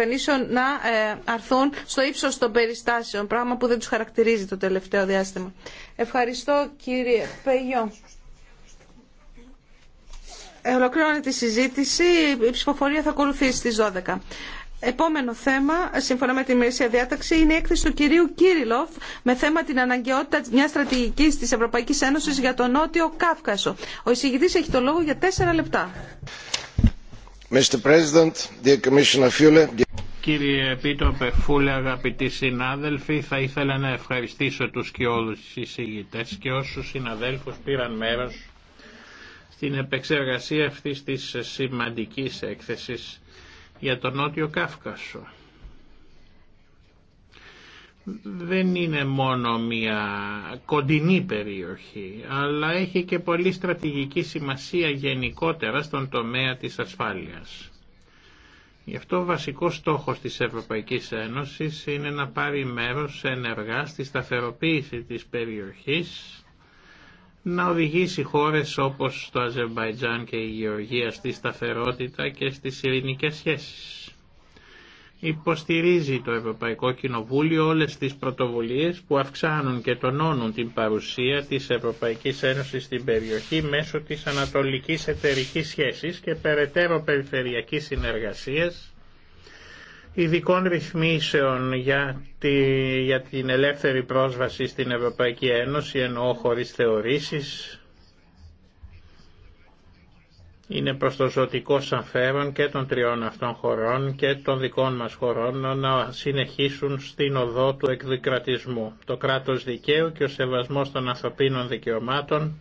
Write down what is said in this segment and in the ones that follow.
κυβερνήσεων να ε, αρθούν στο ύψο των περιστάσεων, πράγμα που δεν του χαρακτηρίζει το τελευταίο διάστημα. Ευχαριστώ κύριε Πεγιό. Ε, ολοκληρώνεται η συζήτηση, η ψηφοφορία θα ακολουθήσει στι 12. Επόμενο θέμα, σύμφωνα με την ημερήσια διάταξη, είναι η έκθεση του κυρίου Κύριλοφ με θέμα την αναγκαιότητα μια στρατηγική τη Ευρωπαϊκή Ένωση για τον Νότιο Κάφκασο. Ο εισηγητή έχει το λόγο για τέσσερα λεπτά. Κύριε Πίτροπε Φούλε, αγαπητοί συνάδελφοι, θα ήθελα να ευχαριστήσω τους και όλους τους εισηγητές και όσους συναδέλφους πήραν μέρος στην επεξεργασία αυτής της σημαντικής έκθεσης για τον Νότιο Κάυκασο δεν είναι μόνο μια κοντινή περιοχή, αλλά έχει και πολύ στρατηγική σημασία γενικότερα στον τομέα της ασφάλειας. Γι' αυτό ο βασικός στόχος της Ευρωπαϊκής Ένωσης είναι να πάρει μέρος ενεργά στη σταθεροποίηση της περιοχής, να οδηγήσει χώρες όπως το Αζερμπαϊτζάν και η Γεωργία στη σταθερότητα και στις ειρηνικές σχέσεις υποστηρίζει το Ευρωπαϊκό Κοινοβούλιο όλες τις πρωτοβουλίες που αυξάνουν και τονώνουν την παρουσία της Ευρωπαϊκής Ένωσης στην περιοχή μέσω της ανατολικής εταιρικής σχέσης και περαιτέρω περιφερειακής συνεργασίας ειδικών ρυθμίσεων για, τη, για την ελεύθερη πρόσβαση στην Ευρωπαϊκή Ένωση ενώ χωρίς θεωρήσεις είναι προς το ζωτικό σαφέρον και των τριών αυτών χωρών και των δικών μας χωρών να συνεχίσουν στην οδό του εκδικρατισμού. Το κράτος δικαίου και ο σεβασμός των ανθρωπίνων δικαιωμάτων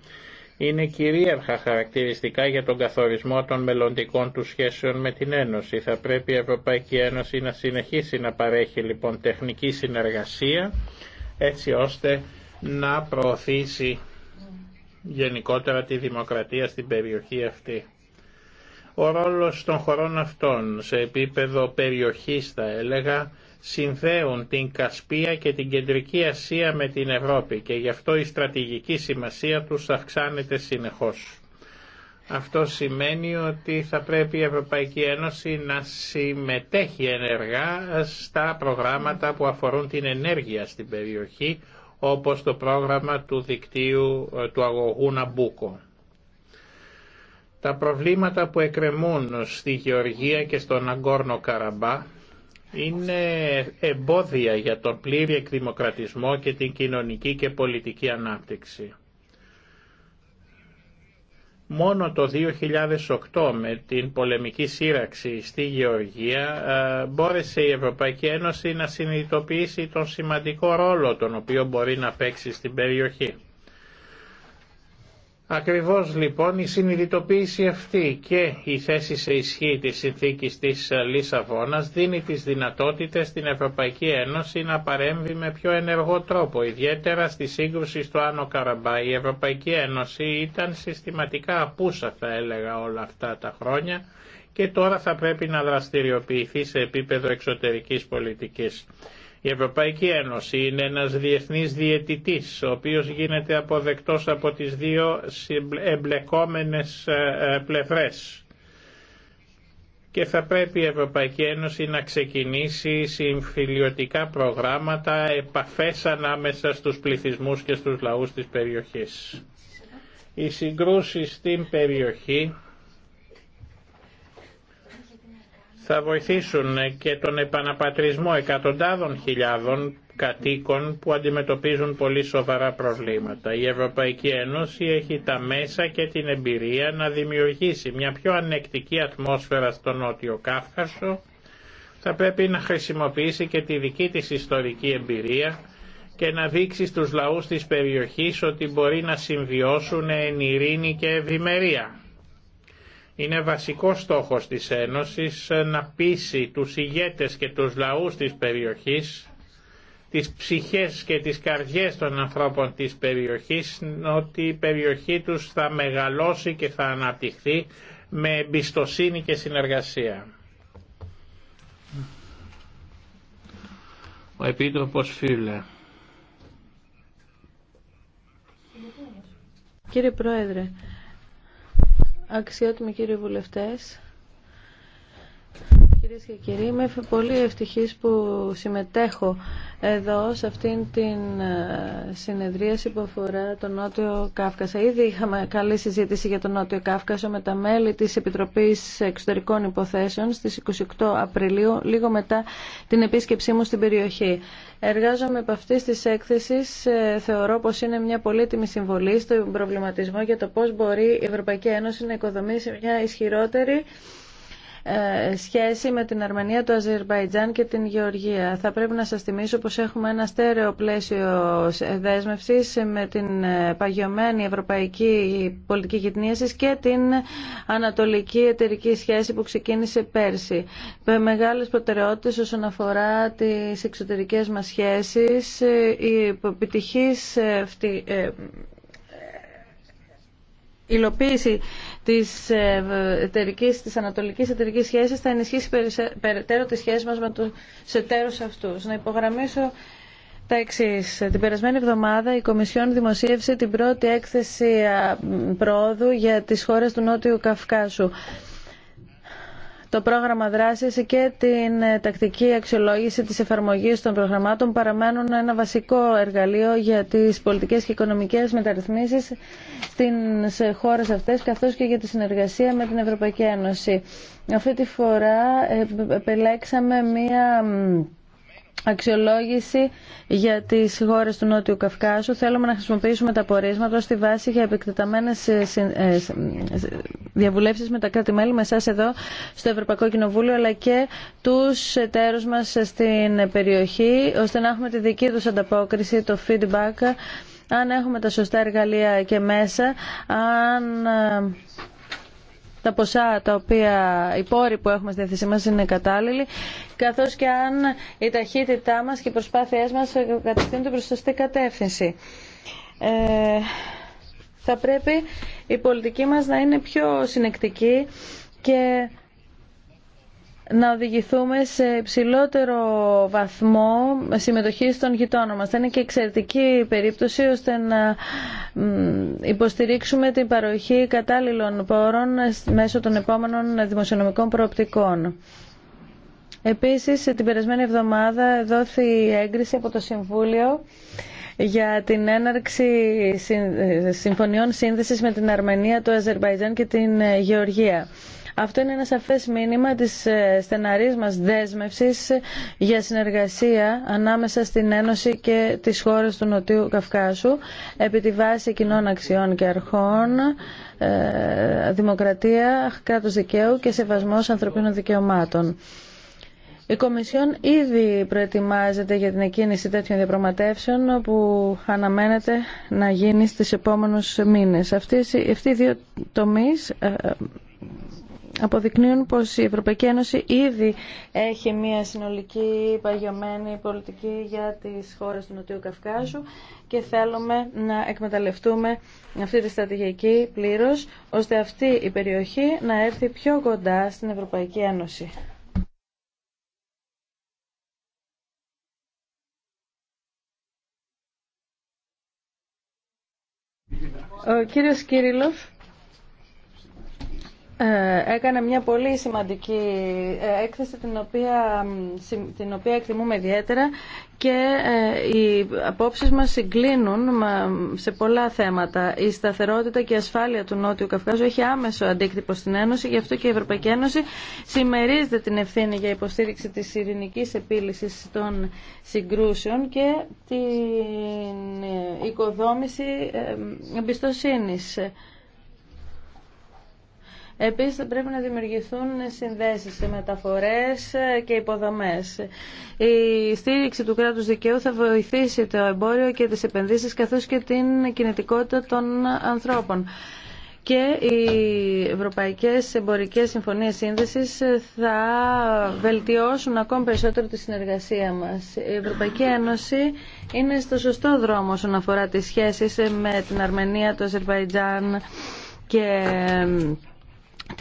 είναι κυρίαρχα χαρακτηριστικά για τον καθορισμό των μελλοντικών του σχέσεων με την Ένωση. Θα πρέπει η Ευρωπαϊκή Ένωση να συνεχίσει να παρέχει λοιπόν τεχνική συνεργασία έτσι ώστε να προωθήσει γενικότερα τη δημοκρατία στην περιοχή αυτή. Ο ρόλος των χωρών αυτών σε επίπεδο περιοχής θα έλεγα συνδέουν την Κασπία και την Κεντρική Ασία με την Ευρώπη και γι' αυτό η στρατηγική σημασία τους αυξάνεται συνεχώς. Αυτό σημαίνει ότι θα πρέπει η Ευρωπαϊκή Ένωση να συμμετέχει ενεργά στα προγράμματα που αφορούν την ενέργεια στην περιοχή, όπως το πρόγραμμα του δικτύου ε, του αγωγού Ναμπούκο. Τα προβλήματα που εκκρεμούν στη Γεωργία και στον Αγκόρνο Καραμπά είναι εμπόδια για τον πλήρη εκδημοκρατισμό και την κοινωνική και πολιτική ανάπτυξη. Μόνο το 2008 με την πολεμική σύραξη στη Γεωργία μπόρεσε η Ευρωπαϊκή Ένωση να συνειδητοποιήσει τον σημαντικό ρόλο τον οποίο μπορεί να παίξει στην περιοχή. Ακριβώς λοιπόν η συνειδητοποίηση αυτή και η θέση σε ισχύ της συνθήκης της Λισαβόνας δίνει τις δυνατότητες στην Ευρωπαϊκή Ένωση να παρέμβει με πιο ενεργό τρόπο, ιδιαίτερα στη σύγκρουση στο Άνω Καραμπά. Η Ευρωπαϊκή Ένωση ήταν συστηματικά απούσα θα έλεγα όλα αυτά τα χρόνια και τώρα θα πρέπει να δραστηριοποιηθεί σε επίπεδο εξωτερικής πολιτικής. Η Ευρωπαϊκή Ένωση είναι ένας διεθνής διαιτητής, ο οποίος γίνεται αποδεκτός από τις δύο εμπλεκόμενες ε, ε, πλευρές. Και θα πρέπει η Ευρωπαϊκή Ένωση να ξεκινήσει συμφιλιωτικά προγράμματα, επαφές ανάμεσα στους πληθυσμούς και στους λαούς της περιοχής. Οι συγκρούσεις στην περιοχή θα βοηθήσουν και τον επαναπατρισμό εκατοντάδων χιλιάδων κατοίκων που αντιμετωπίζουν πολύ σοβαρά προβλήματα. Η Ευρωπαϊκή Ένωση έχει τα μέσα και την εμπειρία να δημιουργήσει μια πιο ανεκτική ατμόσφαιρα στο Νότιο Κάφκασο. Θα πρέπει να χρησιμοποιήσει και τη δική της ιστορική εμπειρία και να δείξει στους λαούς της περιοχής ότι μπορεί να συμβιώσουν εν ειρήνη και ευημερία. Είναι βασικός στόχος της Ένωσης να πείσει τους ηγέτες και τους λαούς της περιοχής, τις ψυχές και τις καρδιές των ανθρώπων της περιοχής, ότι η περιοχή τους θα μεγαλώσει και θα αναπτυχθεί με εμπιστοσύνη και συνεργασία. Ο Επίτροπος Φίλε. Κύριε Πρόεδρε, αξιότιμοι κύριοι βουλευτές Κυρίες και κύριοι, είμαι πολύ ευτυχής που συμμετέχω εδώ σε αυτήν την ε, συνεδρίαση που αφορά τον Νότιο Κάφκασα. Ήδη είχαμε καλή συζήτηση για τον Νότιο Κάφκασο με τα μέλη της Επιτροπής Εξωτερικών Υποθέσεων στις 28 Απριλίου, λίγο μετά την επίσκεψή μου στην περιοχή. Εργάζομαι από αυτή τη έκθεση. Ε, θεωρώ πω είναι μια πολύτιμη συμβολή στον προβληματισμό για το πώ μπορεί η Ευρωπαϊκή Ένωση να οικοδομήσει μια ισχυρότερη ε, σχέση με την Αρμενία, το Αζερβαϊτζάν και την Γεωργία. Θα πρέπει να σας θυμίσω πως έχουμε ένα στέρεο πλαίσιο δέσμευσης με την ε, παγιωμένη ευρωπαϊκή πολιτική γυτνίαση και την ανατολική εταιρική σχέση που ξεκίνησε πέρσι. Με μεγάλες προτεραιότητες όσον αφορά τις εξωτερικές μας σχέσεις, ε, η επιτυχής υλοποίηση της, ε, εταιρικής, της ανατολικής εταιρικής σχέσης θα ενισχύσει περαιτέρω τις σχέσεις μας με τους εταίρους αυτούς. Να υπογραμμίσω τα εξή. Την περασμένη εβδομάδα η Κομισιόν δημοσίευσε την πρώτη έκθεση πρόοδου για τις χώρες του Νότιου Καυκάσου το πρόγραμμα δράσης και την ε, τακτική αξιολόγηση της εφαρμογής των προγραμμάτων παραμένουν ένα βασικό εργαλείο για τις πολιτικές και οικονομικές μεταρρυθμίσεις στις χώρες αυτές καθώς και για τη συνεργασία με την Ευρωπαϊκή Ένωση. Αυτή τη φορά ε, επιλέξαμε μία αξιολόγηση για τις χώρες του Νότιου Καυκάσου. Θέλουμε να χρησιμοποιήσουμε τα πορίσματα στη βάση για επεκτεταμένες ε, ε, διαβουλεύσεις με τα κράτη-μέλη, με εσάς εδώ στο Ευρωπαϊκό Κοινοβούλιο, αλλά και τους εταίρους μας στην περιοχή, ώστε να έχουμε τη δική τους ανταπόκριση, το feedback, αν έχουμε τα σωστά εργαλεία και μέσα, αν ε, τα ποσά τα οποία οι πόροι που έχουμε στη θέση μας είναι κατάλληλοι, καθώς και αν η ταχύτητά μας και οι προσπάθειές μας κατευθύνονται την σωστή κατεύθυνση. Ε, θα πρέπει η πολιτική μας να είναι πιο συνεκτική και να οδηγηθούμε σε υψηλότερο βαθμό συμμετοχή των γειτόνων μας. Θα είναι και εξαιρετική περίπτωση ώστε να υποστηρίξουμε την παροχή κατάλληλων πόρων μέσω των επόμενων δημοσιονομικών προοπτικών. Επίσης, την περασμένη εβδομάδα δόθη έγκριση από το Συμβούλιο για την έναρξη ε, συμφωνιών σύνδεσης με την Αρμενία, το Αζερβαϊτζάν και την ε, Γεωργία. Αυτό είναι ένα σαφέ μήνυμα της ε, στεναρής μα δέσμευση για συνεργασία ανάμεσα στην Ένωση και τις χώρες του Νοτιού Καυκάσου επί τη βάση κοινών αξιών και αρχών, ε, δημοκρατία, κράτος δικαίου και σεβασμός ανθρωπίνων δικαιωμάτων. Η Κομισιόν ήδη προετοιμάζεται για την εκκίνηση τέτοιων διαπραγματεύσεων που αναμένεται να γίνει στις επόμενους μήνες. αυτοί οι δύο τομείς ε, αποδεικνύουν πως η Ευρωπαϊκή Ένωση ήδη έχει μια συνολική παγιωμένη πολιτική για τις χώρες του Νοτιού Καυκάζου και θέλουμε να εκμεταλλευτούμε αυτή τη στρατηγική πλήρως ώστε αυτή η περιοχή να έρθει πιο κοντά στην Ευρωπαϊκή Ένωση. Ο κύριος ε, έκανε μια πολύ σημαντική ε, έκθεση την οποία, την οποία εκτιμούμε ιδιαίτερα και ε, οι απόψεις μας συγκλίνουν σε πολλά θέματα. Η σταθερότητα και η ασφάλεια του Νότιου Καυκάζου έχει άμεσο αντίκτυπο στην Ένωση, γι' αυτό και η Ευρωπαϊκή Ένωση συμμερίζεται την ευθύνη για υποστήριξη της ειρηνικής επίλυσης των συγκρούσεων και την οικοδόμηση εμπιστοσύνης. Επίσης θα πρέπει να δημιουργηθούν συνδέσεις μεταφορές και υποδομές. Η στήριξη του κράτους δικαίου θα βοηθήσει το εμπόριο και τις επενδύσεις καθώς και την κινητικότητα των ανθρώπων και οι ευρωπαϊκές εμπορικές συμφωνίες σύνδεσης θα βελτιώσουν ακόμη περισσότερο τη συνεργασία μας. Η Ευρωπαϊκή Ένωση είναι στο σωστό δρόμο όσον αφορά τις σχέσεις με την Αρμενία, το Αζερβαϊτζάν και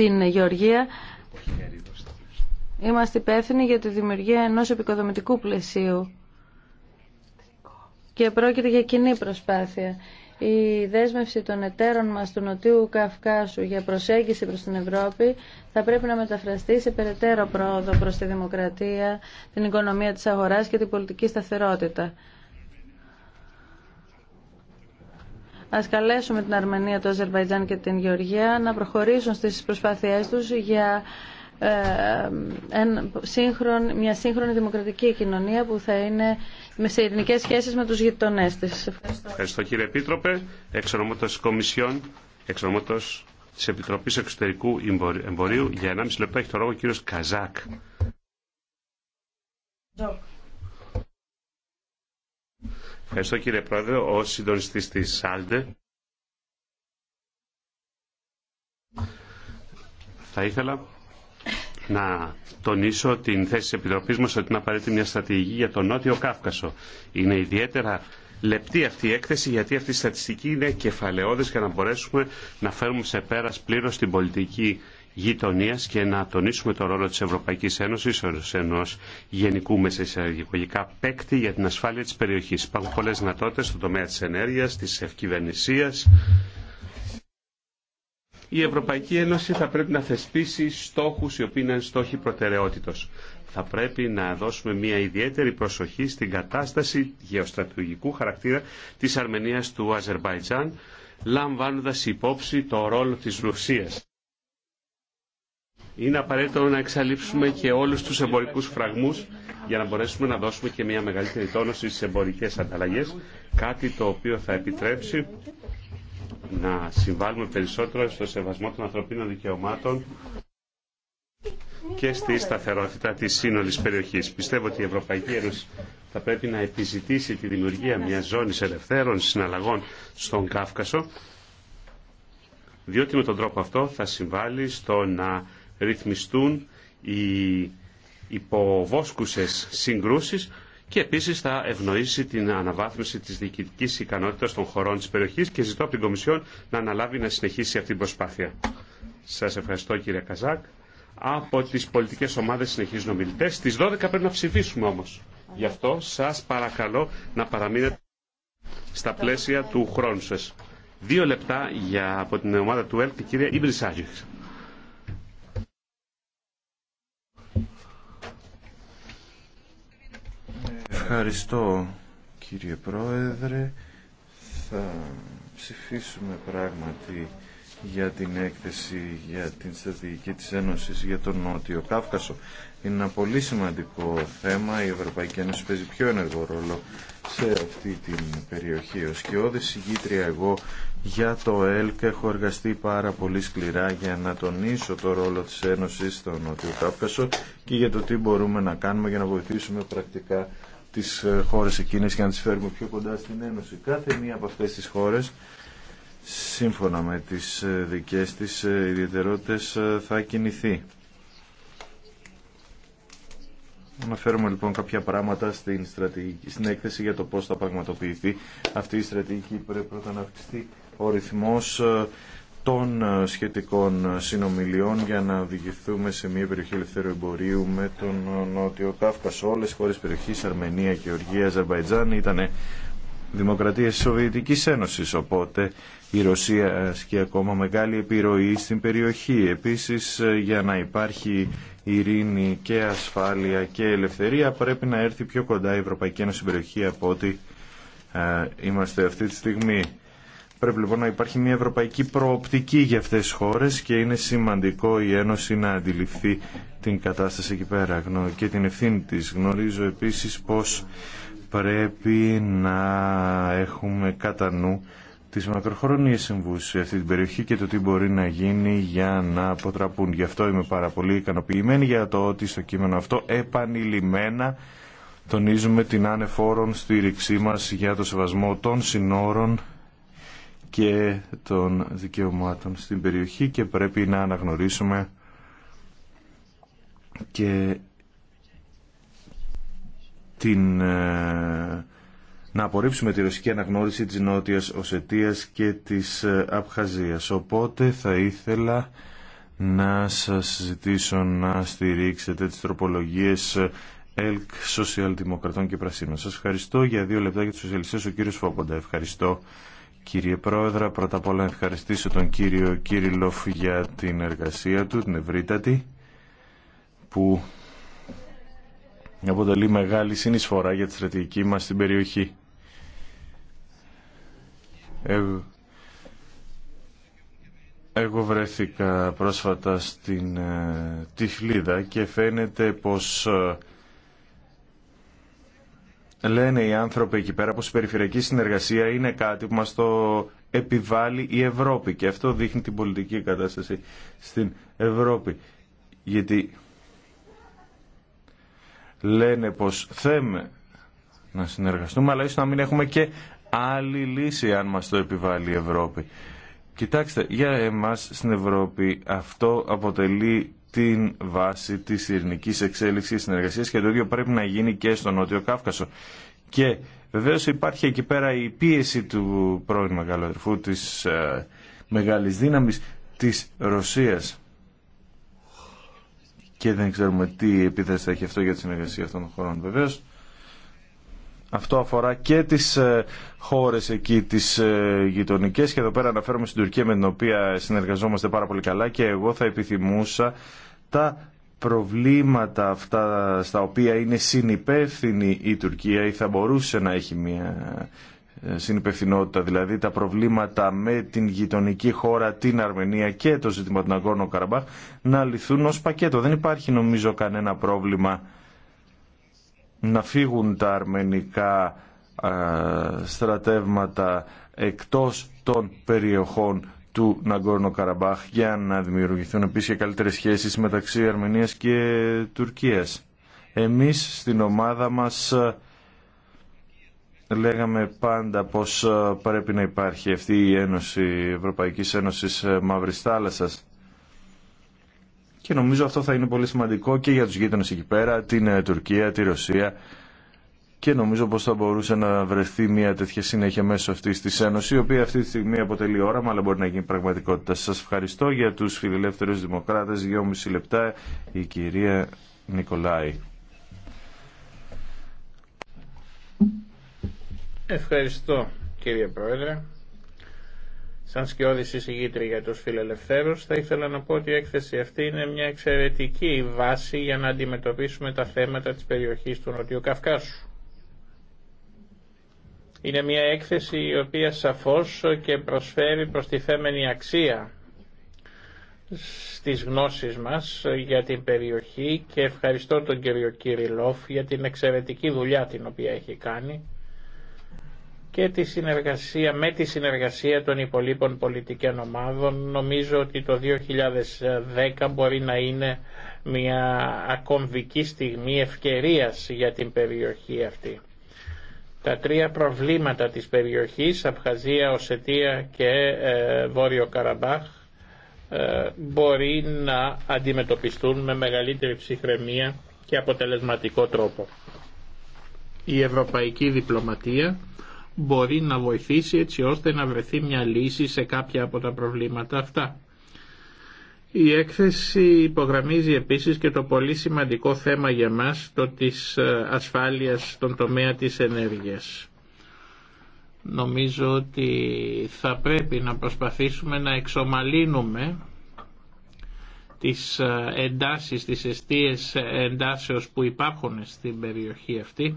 την Γεωργία. Είμαστε υπεύθυνοι για τη δημιουργία ενός επικοδομητικού πλαισίου και πρόκειται για κοινή προσπάθεια. Η δέσμευση των εταίρων μας του Νοτιού Καυκάσου για προσέγγιση προς την Ευρώπη θα πρέπει να μεταφραστεί σε περαιτέρω πρόοδο προς τη δημοκρατία, την οικονομία της αγοράς και την πολιτική σταθερότητα. Ας καλέσουμε την Αρμενία, το Αζερβαϊτζάν και την Γεωργία να προχωρήσουν στις προσπάθειές τους για ε, μια σύγχρονη δημοκρατική κοινωνία που θα είναι σε ειρηνικέ σχέσεις με τους γειτονές της. Ευχαριστώ, Ευχαριστώ κύριε Επίτροπε. Εξ Κομισιόν, εξ της Επιτροπής Εξωτερικού Εμπορίου, για 1,5 λεπτό έχει το λόγο ο κύριος Καζάκ. Ευχαριστώ κύριε Πρόεδρε, ο συντονιστής της ΣΑΛΤΕ. Θα ήθελα να τονίσω την θέση τη Επιτροπή μα ότι είναι απαραίτητη μια στρατηγική για τον Νότιο Κάφκασο. Είναι ιδιαίτερα λεπτή αυτή η έκθεση γιατί αυτή η στατιστική είναι κεφαλαιώδης για να μπορέσουμε να φέρουμε σε πέρας πλήρως την πολιτική γειτονία και να τονίσουμε το ρόλο τη Ευρωπαϊκή Ένωση ω ενό γενικού μεσαισιαγωγικά παίκτη για την ασφάλεια τη περιοχή. Υπάρχουν πολλέ δυνατότητε στον τομέα τη ενέργεια, τη ευκυβερνησία. Η Ευρωπαϊκή Ένωση θα πρέπει να θεσπίσει στόχους οι οποίοι είναι στόχοι προτεραιότητος. Θα πρέπει να δώσουμε μια ιδιαίτερη προσοχή στην κατάσταση γεωστρατηγικού χαρακτήρα της Αρμενίας του Αζερβαϊτζάν, λαμβάνοντας υπόψη το ρόλο της Ρωσίας είναι απαραίτητο να εξαλείψουμε και όλους τους εμπορικούς φραγμούς για να μπορέσουμε να δώσουμε και μια μεγαλύτερη τόνωση στις εμπορικές ανταλλαγές, κάτι το οποίο θα επιτρέψει να συμβάλλουμε περισσότερο στο σεβασμό των ανθρωπίνων δικαιωμάτων και στη σταθερότητα της σύνολης περιοχής. Πιστεύω ότι η Ευρωπαϊκή Ένωση θα πρέπει να επιζητήσει τη δημιουργία μιας ζώνης ελευθέρων συναλλαγών στον Κάφκασο, διότι με τον τρόπο αυτό θα συμβάλλει στο να ρυθμιστούν οι υποβόσκουσες συγκρούσεις και επίσης θα ευνοήσει την αναβάθμιση της διοικητικής ικανότητας των χωρών της περιοχής και ζητώ από την Κομισιόν να αναλάβει να συνεχίσει αυτή την προσπάθεια. Σας ευχαριστώ κύριε Καζάκ. Από τις πολιτικές ομάδες συνεχίζουν ομιλητές. Στις 12 πρέπει να ψηφίσουμε όμως. Γι' αυτό σας παρακαλώ να παραμείνετε στα πλαίσια του χρόνου σας. Δύο λεπτά για, από την ομάδα του ΕΛΚ, την κυρία Ευχαριστώ κύριε Πρόεδρε. Θα ψηφίσουμε πράγματι για την έκθεση για την στρατηγική της Ένωσης για τον Νότιο Κάυκασο. Είναι ένα πολύ σημαντικό θέμα. Η Ευρωπαϊκή Ένωση παίζει πιο ενεργό ρόλο σε αυτή την περιοχή. Ως και συγκήτρια εγώ για το ΕΛΚ έχω εργαστεί πάρα πολύ σκληρά για να τονίσω το ρόλο της Ένωσης στο Νότιο Κάυκασο και για το τι μπορούμε να κάνουμε για να βοηθήσουμε πρακτικά τις ε, χώρες εκείνες και να τις φέρουμε πιο κοντά στην Ένωση. Κάθε μία από αυτές τις χώρες, σύμφωνα με τις ε, δικές της ε, ιδιαιτερότητες, θα κινηθεί. Αναφέρουμε λοιπόν κάποια πράγματα στην, στρατηγική, στην έκθεση για το πώς θα πραγματοποιηθεί αυτή η στρατηγική. Πρέπει πρώτα να αυξηθεί ο ρυθμός των ε, σχετικών ε, συνομιλιών για να οδηγηθούμε σε μια περιοχή ελευθερου εμπορίου με τον ε, Νότιο Κάφκασο. Όλες οι χώρε περιοχή, Αρμενία, Γεωργία, Αζερβαϊτζάν ήταν δημοκρατίε τη Σοβιετική Ένωσης, οπότε η Ρωσία ασκεί ακόμα μεγάλη επιρροή στην περιοχή. Επίση για να υπάρχει ειρήνη και ασφάλεια και ελευθερία, πρέπει να έρθει πιο κοντά η Ευρωπαϊκή Ένωση στην περιοχή από ό,τι είμαστε αυτή τη στιγμή. Πρέπει λοιπόν να υπάρχει μια ευρωπαϊκή προοπτική για αυτές τις χώρες και είναι σημαντικό η Ένωση να αντιληφθεί την κατάσταση εκεί πέρα και την ευθύνη της. Γνωρίζω επίσης πως πρέπει να έχουμε κατά νου τις μακροχρόνιες συμβούσεις σε αυτή την περιοχή και το τι μπορεί να γίνει για να αποτραπούν. Γι' αυτό είμαι πάρα πολύ ικανοποιημένη για το ότι στο κείμενο αυτό επανειλημμένα τονίζουμε την άνεφόρον στήριξή μας για το σεβασμό των συνόρων και των δικαιωμάτων στην περιοχή και πρέπει να αναγνωρίσουμε και την, ε, να απορρίψουμε τη ρωσική αναγνώριση της Νότιας Οσετίας και της ε, Απχαζίας. Οπότε θα ήθελα να σας ζητήσω να στηρίξετε τις τροπολογίες ε, ΕΛΚ Σοσιαλδημοκρατών και Πρασίνων. Σας ευχαριστώ για δύο λεπτά για τους σοσιαλιστές ο κύριος Φόποντα. Ευχαριστώ. Κύριε Πρόεδρα, πρώτα απ' όλα ευχαριστήσω τον κύριο Κύριλοφ για την εργασία του, την ευρύτατη, που αποτελεί μεγάλη συνεισφορά για τη στρατηγική μας στην περιοχή. Ε, εγώ βρέθηκα πρόσφατα στην ε, Τυφλίδα και φαίνεται πως ε, λένε οι άνθρωποι εκεί πέρα πως η περιφερειακή συνεργασία είναι κάτι που μας το επιβάλλει η Ευρώπη και αυτό δείχνει την πολιτική κατάσταση στην Ευρώπη. Γιατί λένε πως θέμε να συνεργαστούμε αλλά ίσως να μην έχουμε και άλλη λύση αν μας το επιβάλλει η Ευρώπη. Κοιτάξτε, για εμάς στην Ευρώπη αυτό αποτελεί την βάση της ειρηνική εξέλιξη της συνεργασίας και το ίδιο πρέπει να γίνει και στο Νότιο Κάφκασο. Και βεβαίω υπάρχει εκεί πέρα η πίεση του πρώην μεγαλοδερφού της ε, μεγάλη δύναμη της Ρωσίας και δεν ξέρουμε τι επίθεση θα έχει αυτό για τη συνεργασία αυτών των χωρών βεβαίως. Αυτό αφορά και τις ε, χώρες εκεί τις ε, γειτονικέ και εδώ πέρα αναφέρομαι στην Τουρκία με την οποία συνεργαζόμαστε πάρα πολύ καλά και εγώ θα επιθυμούσα τα προβλήματα αυτά στα οποία είναι συνυπεύθυνη η Τουρκία ή θα μπορούσε να έχει μια ε, συνυπευθυνότητα, δηλαδή τα προβλήματα με την γειτονική χώρα, την Αρμενία και το ζήτημα του Ναγκόρνο Καραμπάχ να λυθούν ως πακέτο. Δεν υπάρχει νομίζω κανένα πρόβλημα να φύγουν τα αρμενικά στρατεύματα εκτός των περιοχών του Ναγκόρνο Καραμπάχ για να δημιουργηθούν επίσης και καλύτερες σχέσεις μεταξύ Αρμενίας και Τουρκίας. Εμείς στην ομάδα μας λέγαμε πάντα πως πρέπει να υπάρχει αυτή η Ένωση, Ευρωπαϊκής Ένωσης ε, Μαύρης και νομίζω αυτό θα είναι πολύ σημαντικό και για τους γείτονες εκεί πέρα, την ε, Τουρκία, τη Ρωσία. Και νομίζω πως θα μπορούσε να βρεθεί μια τέτοια συνέχεια μέσω αυτής τη Ένωσης, η οποία αυτή τη στιγμή αποτελεί όραμα, αλλά μπορεί να γίνει πραγματικότητα. Σας ευχαριστώ για τους φιλελεύθερους δημοκράτες. Δυόμιση λεπτά η κυρία Νικολάη. Ευχαριστώ κύριε Πρόεδρε. Σαν σκιώδη συζητήτρια για τους φιλελευθέρους θα ήθελα να πω ότι η έκθεση αυτή είναι μια εξαιρετική βάση για να αντιμετωπίσουμε τα θέματα της περιοχής του Νοτιού Καυκάσου. Είναι μια έκθεση η οποία σαφώς και προσφέρει προστιθέμενη αξία στις γνώσεις μας για την περιοχή και ευχαριστώ τον κύριο Κυριλόφ για την εξαιρετική δουλειά την οποία έχει κάνει και τη συνεργασία, με τη συνεργασία των υπολείπων πολιτικών ομάδων νομίζω ότι το 2010 μπορεί να είναι μια ακομβική στιγμή ευκαιρίας για την περιοχή αυτή. Τα τρία προβλήματα της περιοχής, Αυχαζία, Οσετία και ε, Βόρειο Καραμπάχ, ε, μπορεί να αντιμετωπιστούν με μεγαλύτερη ψυχραιμία και αποτελεσματικό τρόπο. Η ευρωπαϊκή διπλωματία μπορεί να βοηθήσει έτσι ώστε να βρεθεί μια λύση σε κάποια από τα προβλήματα αυτά. Η έκθεση υπογραμμίζει επίσης και το πολύ σημαντικό θέμα για μας, το της ε, ασφάλειας στον τομέα της ενέργειας. Νομίζω ότι θα πρέπει να προσπαθήσουμε να εξομαλύνουμε τις ε, εντάσεις, τις αιστείες εντάσεως που υπάρχουν στην περιοχή αυτή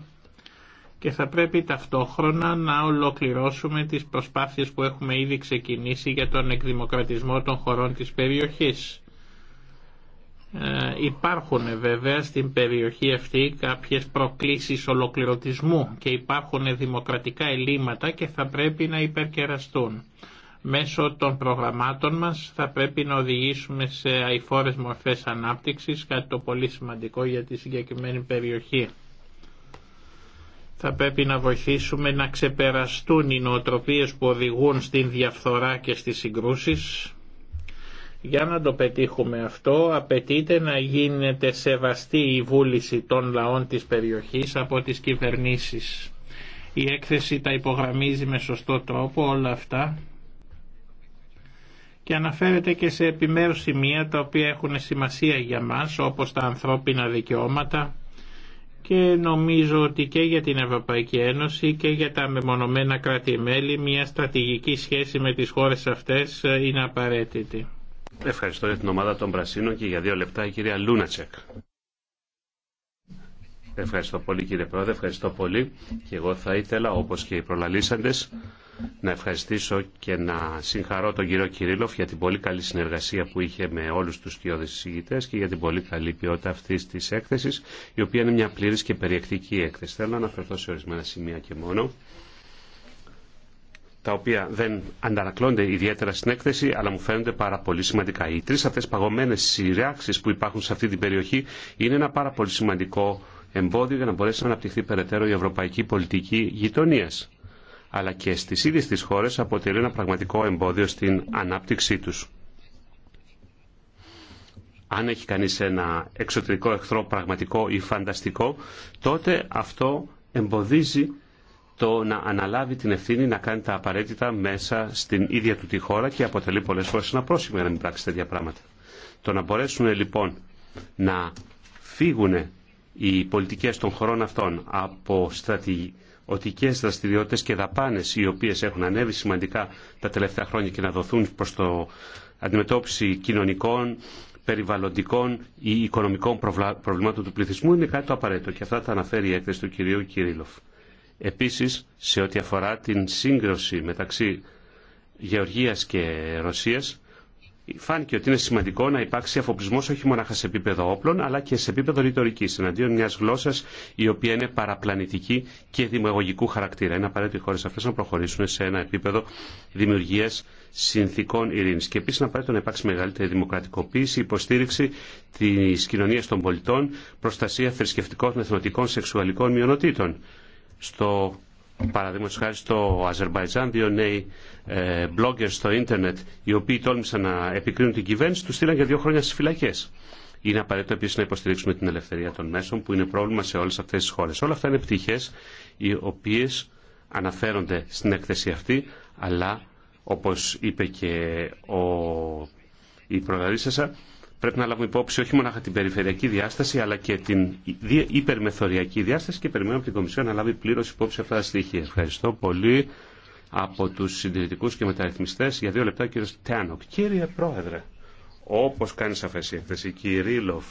και θα πρέπει ταυτόχρονα να ολοκληρώσουμε τις προσπάθειες που έχουμε ήδη ξεκινήσει για τον εκδημοκρατισμό των χωρών της περιοχής. Ε, υπάρχουν βέβαια στην περιοχή αυτή κάποιες προκλήσεις ολοκληρωτισμού και υπάρχουν δημοκρατικά ελλείμματα και θα πρέπει να υπερκεραστούν. Μέσω των προγραμμάτων μας θα πρέπει να οδηγήσουμε σε αηφόρες μορφές ανάπτυξης, κάτι το πολύ σημαντικό για τη συγκεκριμένη περιοχή θα πρέπει να βοηθήσουμε να ξεπεραστούν οι νοοτροπίες που οδηγούν στην διαφθορά και στις συγκρούσεις. Για να το πετύχουμε αυτό απαιτείται να γίνεται σεβαστή η βούληση των λαών της περιοχής από τις κυβερνήσεις. Η έκθεση τα υπογραμμίζει με σωστό τρόπο όλα αυτά και αναφέρεται και σε επιμέρους σημεία τα οποία έχουν σημασία για μας όπως τα ανθρώπινα δικαιώματα, και νομίζω ότι και για την Ευρωπαϊκή Ένωση και για τα μεμονωμένα κράτη-μέλη μια στρατηγική σχέση με τις χώρες αυτές ε, είναι απαραίτητη. Ευχαριστώ για την ομάδα των Πρασίνων και για δύο λεπτά η κυρία Λούνατσεκ. Ευχαριστώ πολύ κύριε Πρόεδρε, ευχαριστώ πολύ και εγώ θα ήθελα όπως και οι προλαλήσαντες να ευχαριστήσω και να συγχαρώ τον κύριο Κυρίλοφ για την πολύ καλή συνεργασία που είχε με όλους τους κοιόδες συζητητές και για την πολύ καλή ποιότητα αυτής της έκθεσης, η οποία είναι μια πλήρης και περιεκτική έκθεση. Θέλω να αναφερθώ σε ορισμένα σημεία και μόνο τα οποία δεν αντανακλώνται ιδιαίτερα στην έκθεση, αλλά μου φαίνονται πάρα πολύ σημαντικά. Οι τρει αυτές παγωμένε σειράξεις που υπάρχουν σε αυτή την περιοχή είναι ένα πάρα πολύ σημαντικό εμπόδιο για να μπορέσει να αναπτυχθεί περαιτέρω η ευρωπαϊκή πολιτική γειτονία αλλά και στις ίδιες τις χώρες αποτελεί ένα πραγματικό εμπόδιο στην ανάπτυξή τους. Αν έχει κανείς ένα εξωτερικό εχθρό πραγματικό ή φανταστικό, τότε αυτό εμποδίζει το να αναλάβει την ευθύνη να κάνει τα απαραίτητα μέσα στην ίδια του τη χώρα και αποτελεί πολλές φορές ένα πρόσημο για να μην πράξει τέτοια πράγματα. Το να μπορέσουν λοιπόν να φύγουν οι πολιτικές των χωρών αυτών από στρατηγική οτικές δραστηριότητες και δαπάνες οι οποίες έχουν ανέβει σημαντικά τα τελευταία χρόνια και να δοθούν προς το αντιμετώπιση κοινωνικών, περιβαλλοντικών ή οικονομικών προβλημάτων του πληθυσμού είναι κάτι το απαραίτητο και αυτά τα αναφέρει η έκθεση του κυρίου Κυρίλοφ. Επίσης, σε ό,τι αφορά την σύγκρουση μεταξύ Γεωργίας και Ρωσίας, φάνηκε ότι είναι σημαντικό να υπάρξει αφοπλισμό όχι μόνο σε επίπεδο όπλων, αλλά και σε επίπεδο ρητορική, εναντίον μια γλώσσα η οποία είναι παραπλανητική και δημογωγικού χαρακτήρα. Είναι απαραίτητο οι χώρε αυτέ να προχωρήσουν σε ένα επίπεδο δημιουργία συνθήκων ειρήνη. Και επίση είναι απαραίτητο να υπάρξει μεγαλύτερη δημοκρατικοποίηση, υποστήριξη τη κοινωνία των πολιτών, προστασία θρησκευτικών, εθνοτικών, σεξουαλικών μειονοτήτων. Στο Παραδείγματο χάρη στο Αζερβαϊτζάν, δύο νέοι ε, στο ίντερνετ, οι οποίοι τόλμησαν να επικρίνουν την κυβέρνηση, του στείλαν για δύο χρόνια στι φυλακέ. Είναι απαραίτητο επίση να υποστηρίξουμε την ελευθερία των μέσων, που είναι πρόβλημα σε όλε αυτέ τι χώρε. Όλα αυτά είναι πτυχέ οι οποίε αναφέρονται στην έκθεση αυτή, αλλά όπω είπε και ο... η πρέπει να λάβουμε υπόψη όχι μόνο την περιφερειακή διάσταση αλλά και την υπερμεθοριακή διάσταση και περιμένουμε από την Κομισιόν να λάβει πλήρω υπόψη αυτά τα στοιχεία. Ευχαριστώ πολύ από τους συντηρητικού και μεταρρυθμιστές. Για δύο λεπτά ο κύριος Κύριε Πρόεδρε, όπως κάνει σαφές η έκθεση, κύριε Ρίλοφ,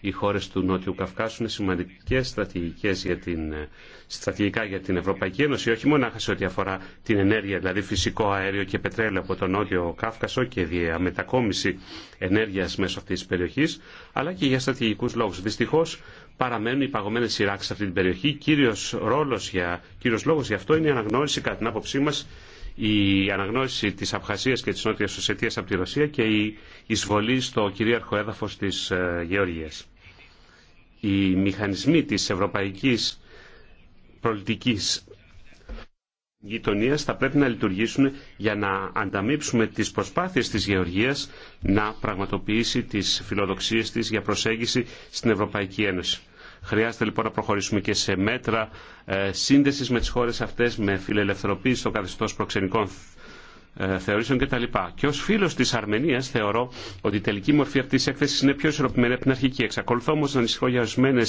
οι χώρες του Νότιου Καυκάσου είναι σημαντικές στρατηγικές για την, ε, στρατηγικά για την Ευρωπαϊκή Ένωση, όχι μόνο σε ό,τι αφορά την ενέργεια, δηλαδή φυσικό αέριο και πετρέλαιο από τον Νότιο Καύκασο και διαμετακόμιση ε, ενέργειας μέσω αυτής τη περιοχής, αλλά και για στρατηγικού λόγους. Δυστυχώ, παραμένουν οι παγωμένε σειράξει σε αυτή την περιοχή. Κύριο λόγο για, γι' αυτό είναι η αναγνώριση κατά την άποψή μα η αναγνώριση της Απχασίας και της Νότιας Οσετίας από τη Ρωσία και η εισβολή στο κυρίαρχο έδαφος της ε, Γεωργίας. Οι μηχανισμοί της ευρωπαϊκής πολιτικής γειτονίας θα πρέπει να λειτουργήσουν για να ανταμείψουμε τις προσπάθειες της Γεωργίας να πραγματοποιήσει τις φιλοδοξίες της για προσέγγιση στην Ευρωπαϊκή Ένωση. Χρειάζεται λοιπόν να προχωρήσουμε και σε μέτρα ε, σύνδεση με τι χώρε αυτέ, με φιλελευθερωποίηση των καθεστώ προξενικών ε, θεωρήσεων κτλ. Και ω φίλο τη Αρμενία θεωρώ ότι η τελική μορφή αυτή τη έκθεση είναι πιο ισορροπημένη από την αρχική. Εξακολουθώ όμω να ανησυχώ για ορισμένε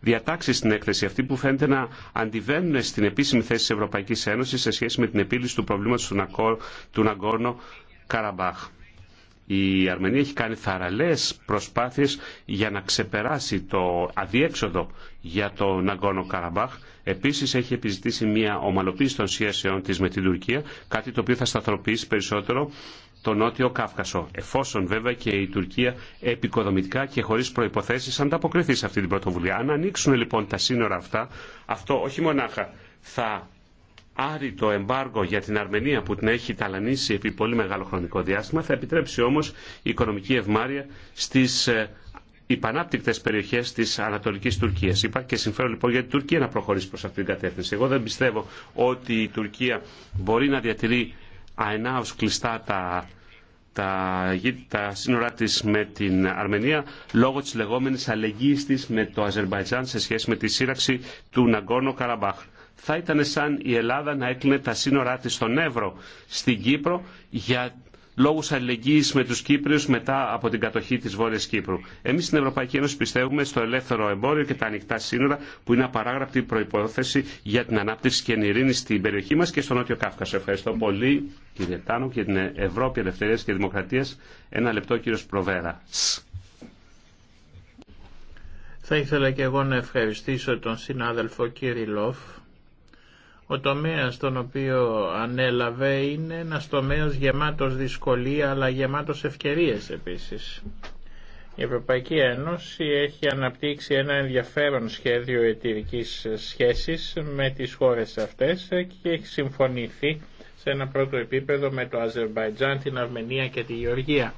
διατάξει στην έκθεση αυτή που φαίνεται να αντιβαίνουν στην επίσημη θέση τη Ευρωπαϊκή Ένωση σε σχέση με την επίλυση του προβλήματο του Ναγκόρνο Καραμπάχ. Η Αρμενία έχει κάνει θαραλές προσπάθειες για να ξεπεράσει το αδιέξοδο για το Ναγκόνο Καραμπάχ. Επίσης έχει επιζητήσει μια ομαλοποίηση των σχέσεων της με την Τουρκία, κάτι το οποίο θα σταθροποιήσει περισσότερο το Νότιο Κάφκασο, εφόσον βέβαια και η Τουρκία επικοδομητικά και χωρίς προϋποθέσεις ανταποκριθεί σε αυτή την πρωτοβουλία. Αν ανοίξουν λοιπόν τα σύνορα αυτά, αυτό όχι μονάχα θα το εμπάργο για την Αρμενία που την έχει ταλανίσει επί πολύ μεγάλο χρονικό διάστημα θα επιτρέψει όμως η οικονομική ευμάρεια στις ε, υπανάπτυκτε περιοχέ τη Ανατολική Τουρκία. Υπάρχει και συμφέρον λοιπόν για την Τουρκία να προχωρήσει προ αυτήν την κατεύθυνση. Εγώ δεν πιστεύω ότι η Τουρκία μπορεί να διατηρεί αενάω κλειστά τα, τα, τα σύνορά τη με την Αρμενία λόγω τη λεγόμενη αλληλεγγύη τη με το Αζερβαϊτζάν σε σχέση με τη σύραξη του Ναγκόρνο Καραμπάχ θα ήταν σαν η Ελλάδα να έκλεινε τα σύνορά της στον Εύρο στην Κύπρο για λόγους αλληλεγγύης με τους Κύπριους μετά από την κατοχή της Βόρειας Κύπρου. Εμείς στην Ευρωπαϊκή Ένωση πιστεύουμε στο ελεύθερο εμπόριο και τα ανοιχτά σύνορα που είναι απαράγραπτη προϋπόθεση για την ανάπτυξη και την ειρήνη στην περιοχή μας και στο Νότιο Κάφκασο. Ευχαριστώ πολύ κύριε Τάνο και την Ευρώπη Ελευθερίας και Δημοκρατίας. Ένα λεπτό κύριο Προβέρα. Θα ήθελα και εγώ να ευχαριστήσω τον συνάδελφο Λόφ ο τομέας τον οποίο ανέλαβε είναι ένας τομέας γεμάτος δυσκολία αλλά γεμάτος ευκαιρίες επίσης. Η Ευρωπαϊκή Ένωση έχει αναπτύξει ένα ενδιαφέρον σχέδιο εταιρικής σχέσης με τις χώρες αυτές και έχει συμφωνηθεί σε ένα πρώτο επίπεδο με το Αζερμπαϊτζάν, την Αρμενία και τη Γεωργία.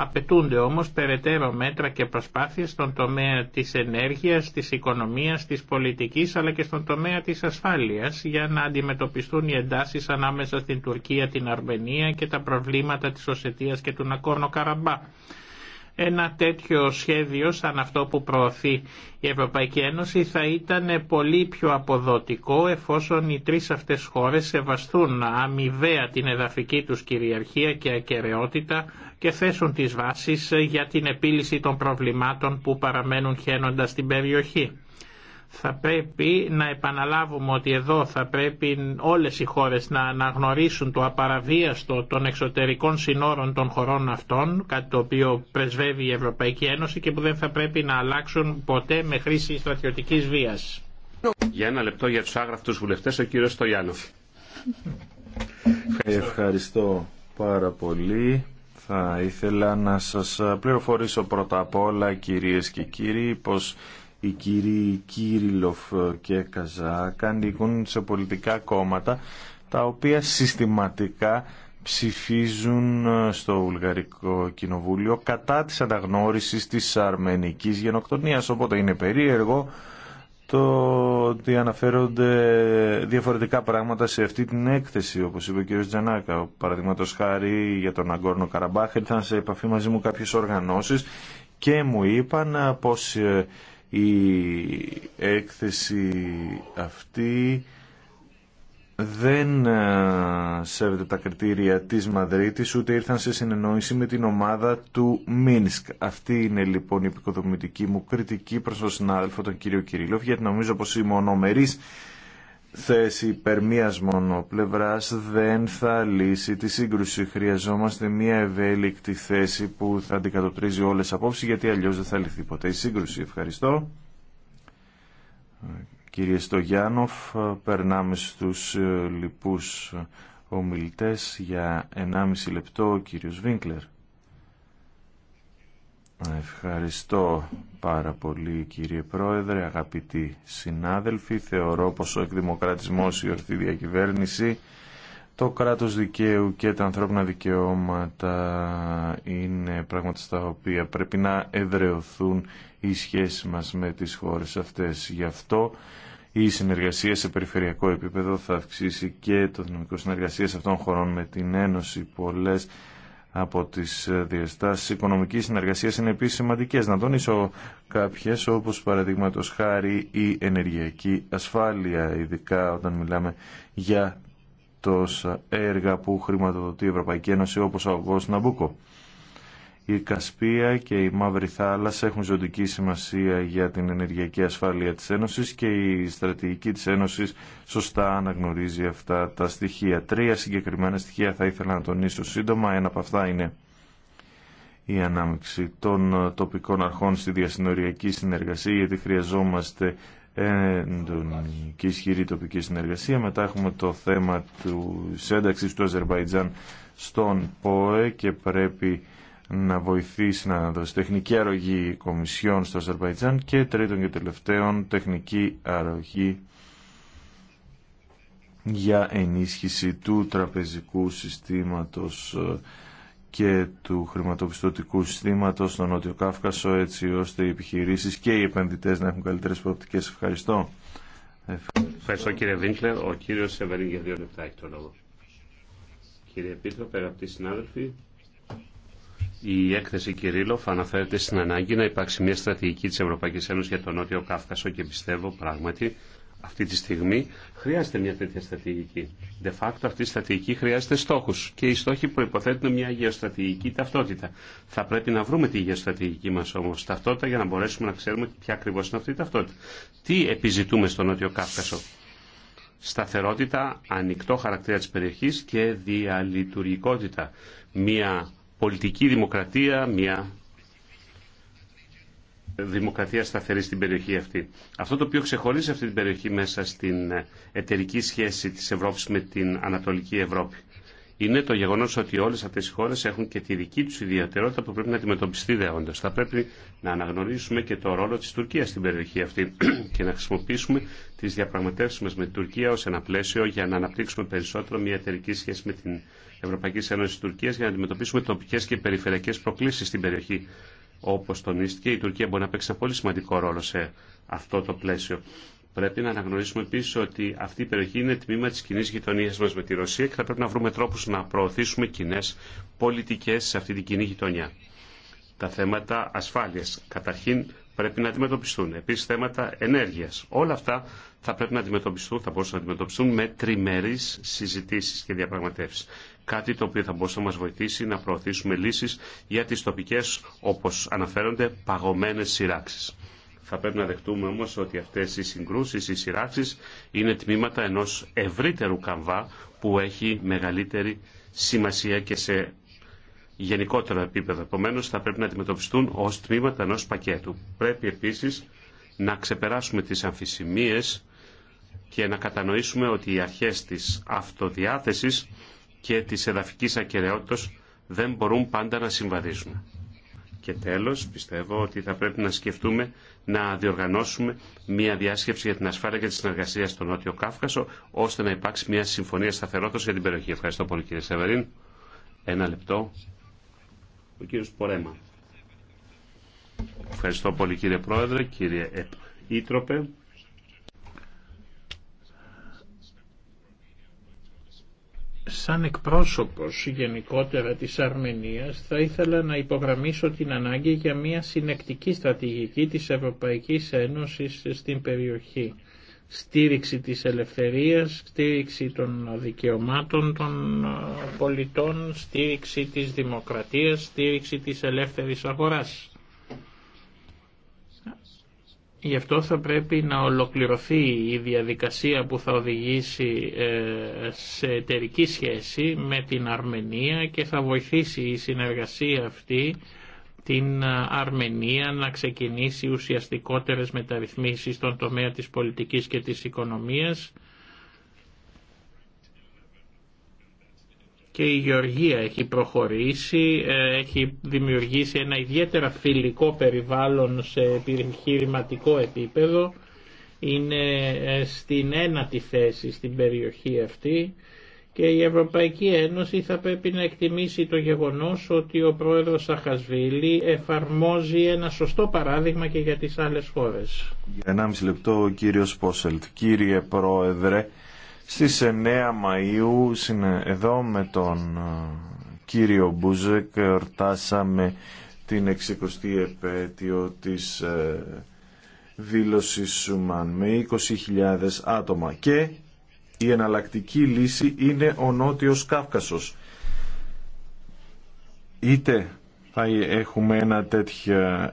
Απαιτούνται όμως περαιτέρω μέτρα και προσπάθειες στον τομέα της ενέργειας, της οικονομίας, της πολιτικής αλλά και στον τομέα της ασφάλειας για να αντιμετωπιστούν οι εντάσεις ανάμεσα στην Τουρκία, την Αρμενία και τα προβλήματα της Οσετίας και του Νακόρνο Καραμπά. Ένα τέτοιο σχέδιο σαν αυτό που προωθεί η Ευρωπαϊκή Ένωση θα ήταν πολύ πιο αποδοτικό εφόσον οι τρεις αυτές χώρες σεβαστούν αμοιβαία την εδαφική τους κυριαρχία και ακεραιότητα και θέσουν τις βάσεις ε, για την επίλυση των προβλημάτων που παραμένουν χαίνοντας την περιοχή. Θα πρέπει να επαναλάβουμε ότι εδώ θα πρέπει όλες οι χώρες να αναγνωρίσουν το απαραβίαστο των εξωτερικών συνόρων των χωρών αυτών, κάτι το οποίο πρεσβεύει η Ευρωπαϊκή Ένωση και που δεν θα πρέπει να αλλάξουν ποτέ με χρήση στρατιωτικής βίας. Για ένα λεπτό για τους άγραφτους βουλευτές, ο Ευχαριστώ πάρα πολύ. Θα ήθελα να σας πληροφορήσω πρώτα απ' όλα κυρίες και κύριοι πως οι κύριοι Κύριλοφ και Καζάκ ανήκουν σε πολιτικά κόμματα τα οποία συστηματικά ψηφίζουν στο Βουλγαρικό Κοινοβούλιο κατά της αναγνώρισης της αρμενικής γενοκτονίας. Οπότε είναι περίεργο το ότι αναφέρονται διαφορετικά πράγματα σε αυτή την έκθεση, όπως είπε ο κ. Τζανάκα. Παραδείγματο χάρη για τον Αγκόρνο Καραμπάχ ήρθαν σε επαφή μαζί μου κάποιες οργανώσεις και μου είπαν ε, πως ε, η έκθεση αυτή δεν ε, σέβεται τα κριτήρια της Μαδρίτης ούτε ήρθαν σε συνεννόηση με την ομάδα του Μίνσκ. Αυτή είναι λοιπόν η επικοδομητική μου κριτική προς τον συνάδελφο τον κύριο Κυρίλοφ γιατί νομίζω πως η μονομερής θέση υπέρ μίας μονοπλευράς δεν θα λύσει τη σύγκρουση. Χρειαζόμαστε μια ευέλικτη θέση που θα αντικατοπτρίζει όλες απόψεις γιατί αλλιώς δεν θα λυθεί ποτέ η σύγκρουση. Ευχαριστώ κύριε Στογιάνοφ. Περνάμε στους ε, λοιπούς ε, ομιλητές για 1,5 λεπτό ο κύριος Βίνκλερ. Ευχαριστώ πάρα πολύ κύριε Πρόεδρε, αγαπητοί συνάδελφοι. Θεωρώ πως ο εκδημοκρατισμός, η ορθή διακυβέρνηση, το κράτος δικαίου και τα ανθρώπινα δικαιώματα είναι πράγματα στα οποία πρέπει να εδρεωθούν η σχέση μας με τις χώρες αυτές. Γι' αυτό η συνεργασία σε περιφερειακό επίπεδο θα αυξήσει και το δυναμικό συνεργασίας αυτών των χωρών με την Ένωση. Πολλές από τις διαστάσεις οικονομικής συνεργασίας είναι επίσης σημαντικές. Να τονίσω κάποιες όπως παραδείγματο χάρη η ενεργειακή ασφάλεια, ειδικά όταν μιλάμε για τόσα έργα που χρηματοδοτεί η Ευρωπαϊκή Ένωση όπως ο Αγώνα Ναμπούκο. Η Κασπία και η Μαύρη Θάλασσα έχουν ζωτική σημασία για την ενεργειακή ασφάλεια της Ένωσης και η στρατηγική της Ένωσης σωστά αναγνωρίζει αυτά τα στοιχεία. Τρία συγκεκριμένα στοιχεία θα ήθελα να τονίσω σύντομα. Ένα από αυτά είναι η ανάμειξη των τοπικών αρχών στη διασυνοριακή συνεργασία γιατί χρειαζόμαστε και ισχυρή τοπική συνεργασία. Μετά έχουμε το θέμα του ένταξη του Αζερβαϊτζάν στον ΠΟΕ και πρέπει να βοηθήσει να δώσει τεχνική αρρωγή κομισιών στο Αζερβαϊτζάν και τρίτον και τελευταίον τεχνική αρρωγή για ενίσχυση του τραπεζικού συστήματος ε, και του χρηματοπιστωτικού συστήματος στο Νότιο Κάφκασο έτσι ώστε οι επιχειρήσεις και οι επενδυτές να έχουν καλύτερες προοπτικές. Ευχαριστώ. Ευχαριστώ κύριε Βίνκλερ. Ο κύριος Σεβερίν για δύο λεπτά έχει το λόγο. Κύριε αγαπητοί συνάδελφοι, η έκθεση Κυρίλοφ αναφέρεται στην ανάγκη να υπάρξει μια στρατηγική της Ευρωπαϊκής Ένωσης για τον Νότιο Κάφκασο και πιστεύω πράγματι αυτή τη στιγμή χρειάζεται μια τέτοια στρατηγική. De facto αυτή η στρατηγική χρειάζεται στόχους και οι στόχοι προϋποθέτουν μια γεωστρατηγική ταυτότητα. Θα πρέπει να βρούμε τη γεωστρατηγική μας όμως ταυτότητα για να μπορέσουμε να ξέρουμε ποια ακριβώς είναι αυτή η ταυτότητα. Τι επιζητούμε στο Νότιο Κάφκασο. Σταθερότητα, ανοιχτό χαρακτήρα της περιοχής και διαλειτουργικότητα. Μια πολιτική δημοκρατία, μια δημοκρατία σταθερή στην περιοχή αυτή. Αυτό το οποίο ξεχωρίζει αυτή την περιοχή μέσα στην εταιρική σχέση της Ευρώπης με την Ανατολική Ευρώπη είναι το γεγονό ότι όλε αυτέ οι χώρε έχουν και τη δική του ιδιαιτερότητα που πρέπει να αντιμετωπιστεί δέοντα. Θα πρέπει να αναγνωρίσουμε και το ρόλο τη Τουρκία στην περιοχή αυτή και να χρησιμοποιήσουμε τι διαπραγματεύσει μα με την Τουρκία ω ένα πλαίσιο για να αναπτύξουμε περισσότερο μια εταιρική σχέση με την Ευρωπαϊκή Ένωση Τουρκία για να αντιμετωπίσουμε τοπικέ και περιφερειακέ προκλήσει στην περιοχή. Όπω τονίστηκε, η Τουρκία μπορεί να παίξει ένα πολύ σημαντικό ρόλο σε αυτό το πλαίσιο. Πρέπει να αναγνωρίσουμε επίση ότι αυτή η περιοχή είναι τμήμα τη κοινή γειτονία μα με τη Ρωσία και θα πρέπει να βρούμε τρόπου να προωθήσουμε κοινέ πολιτικέ σε αυτή την κοινή γειτονιά. Τα θέματα ασφάλεια καταρχήν πρέπει να αντιμετωπιστούν. Επίση θέματα ενέργεια. Όλα αυτά θα πρέπει να αντιμετωπιστούν, θα μπορούσαν να αντιμετωπιστούν με τριμερεί συζητήσει και διαπραγματεύσει. Κάτι το οποίο θα μπορούσε να μα βοηθήσει να προωθήσουμε λύσει για τι τοπικέ, όπω αναφέρονται, παγωμένε σειράξει. Θα πρέπει να δεχτούμε όμως ότι αυτές οι συγκρούσεις, οι σειράξεις είναι τμήματα ενός ευρύτερου καμβά που έχει μεγαλύτερη σημασία και σε γενικότερο επίπεδο. Επομένω, θα πρέπει να αντιμετωπιστούν ως τμήματα ενός πακέτου. Πρέπει επίσης να ξεπεράσουμε τις αμφισημίες και να κατανοήσουμε ότι οι αρχές της αυτοδιάθεσης και της εδαφικής ακεραιότητας δεν μπορούν πάντα να συμβαδίζουν. Και τέλος, πιστεύω ότι θα πρέπει να σκεφτούμε να διοργανώσουμε μια διάσκεψη για την ασφάλεια και τη συνεργασία στο Νότιο Κάφκασο, ώστε να υπάρξει μια συμφωνία σταθερότητα για την περιοχή. Ευχαριστώ πολύ κύριε Σεβερίν. Ένα λεπτό. Ο κύριος Πορέμα. Ευχαριστώ πολύ κύριε Πρόεδρε, κύριε Ήτροπε. Σαν εκπρόσωπος γενικότερα της Αρμενίας θα ήθελα να υπογραμμίσω την ανάγκη για μια συνεκτική στρατηγική της Ευρωπαϊκής Ένωσης στην περιοχή. Στήριξη της ελευθερίας, στήριξη των δικαιωμάτων των ε, πολιτών, στήριξη της δημοκρατίας, στήριξη της ελεύθερης αγοράς. Γι' αυτό θα πρέπει να ολοκληρωθεί η διαδικασία που θα οδηγήσει ε, σε εταιρική σχέση με την Αρμενία και θα βοηθήσει η συνεργασία αυτή την ε, Αρμενία να ξεκινήσει ουσιαστικότερες μεταρρυθμίσεις στον τομέα της πολιτικής και της οικονομίας και η Γεωργία έχει προχωρήσει, ε, έχει δημιουργήσει ένα ιδιαίτερα φιλικό περιβάλλον σε επιχειρηματικό επίπεδο. Είναι ε, στην ένατη θέση στην περιοχή αυτή και η Ευρωπαϊκή Ένωση θα πρέπει να εκτιμήσει το γεγονός ότι ο πρόεδρος Σαχασβίλη εφαρμόζει ένα σωστό παράδειγμα και για τις άλλες χώρες. Για 1,5 λεπτό ο κύριος Πόσελτ. Κύριε Πρόεδρε, στις 9 Μαΐου εδώ με τον ε, κύριο Μπούζεκ εορτάσαμε την 60η επέτειο της ε, δήλωσης Σουμάν με 20.000 άτομα και η εναλλακτική λύση είναι ο Νότιος Κάυκασος. Είτε θα έχουμε ένα τέτοιο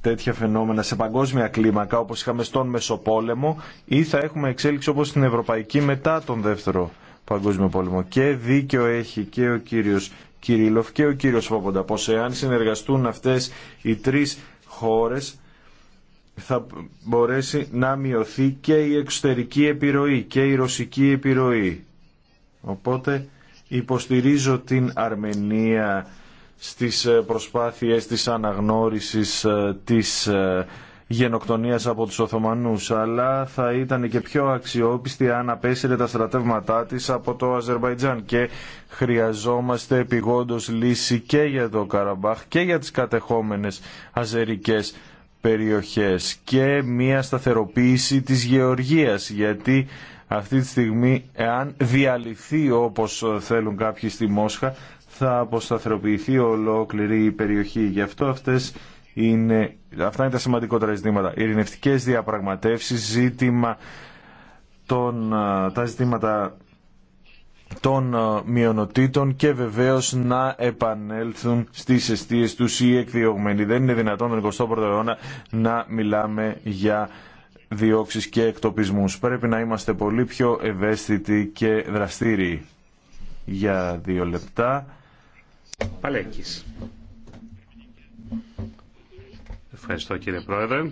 τέτοια φαινόμενα σε παγκόσμια κλίμακα όπως είχαμε στον Μεσοπόλεμο ή θα έχουμε εξέλιξη όπως στην Ευρωπαϊκή μετά τον Δεύτερο Παγκόσμιο Πόλεμο. Και δίκιο έχει και ο κύριος Κυρίλοφ και ο κύριος Φόποντα πως εάν συνεργαστούν αυτές οι τρεις χώρες θα μπορέσει να μειωθεί και η εξωτερική επιρροή και η ρωσική επιρροή. Οπότε υποστηρίζω την Αρμενία στις ε, προσπάθειες της αναγνώρισης ε, της ε, γενοκτονίας από τους Οθωμανούς, αλλά θα ήταν και πιο αξιόπιστη αν απέσυρε τα στρατεύματά της από το Αζερβαϊτζάν και χρειαζόμαστε επιγόντως λύση και για το Καραμπάχ και για τις κατεχόμενες αζερικές περιοχές και μια σταθεροποίηση της γεωργίας γιατί αυτή τη στιγμή εάν διαλυθεί όπως θέλουν κάποιοι στη Μόσχα θα αποσταθεροποιηθεί ολόκληρη η περιοχή. Γι' αυτό αυτές είναι, αυτά είναι τα σημαντικότερα ζητήματα. Ειρηνευτικέ διαπραγματεύσει, ζήτημα των, τα ζητήματα των μειονοτήτων και βεβαίως να επανέλθουν στις αιστείες του οι εκδιωγμένοι. Δεν είναι δυνατόν τον 21ο αιώνα να μιλάμε για διώξεις και εκτοπισμούς. Πρέπει να είμαστε πολύ πιο ευαίσθητοι και δραστήριοι. Για δύο λεπτά. Παλέκης. Ευχαριστώ κύριε Πρόεδρε.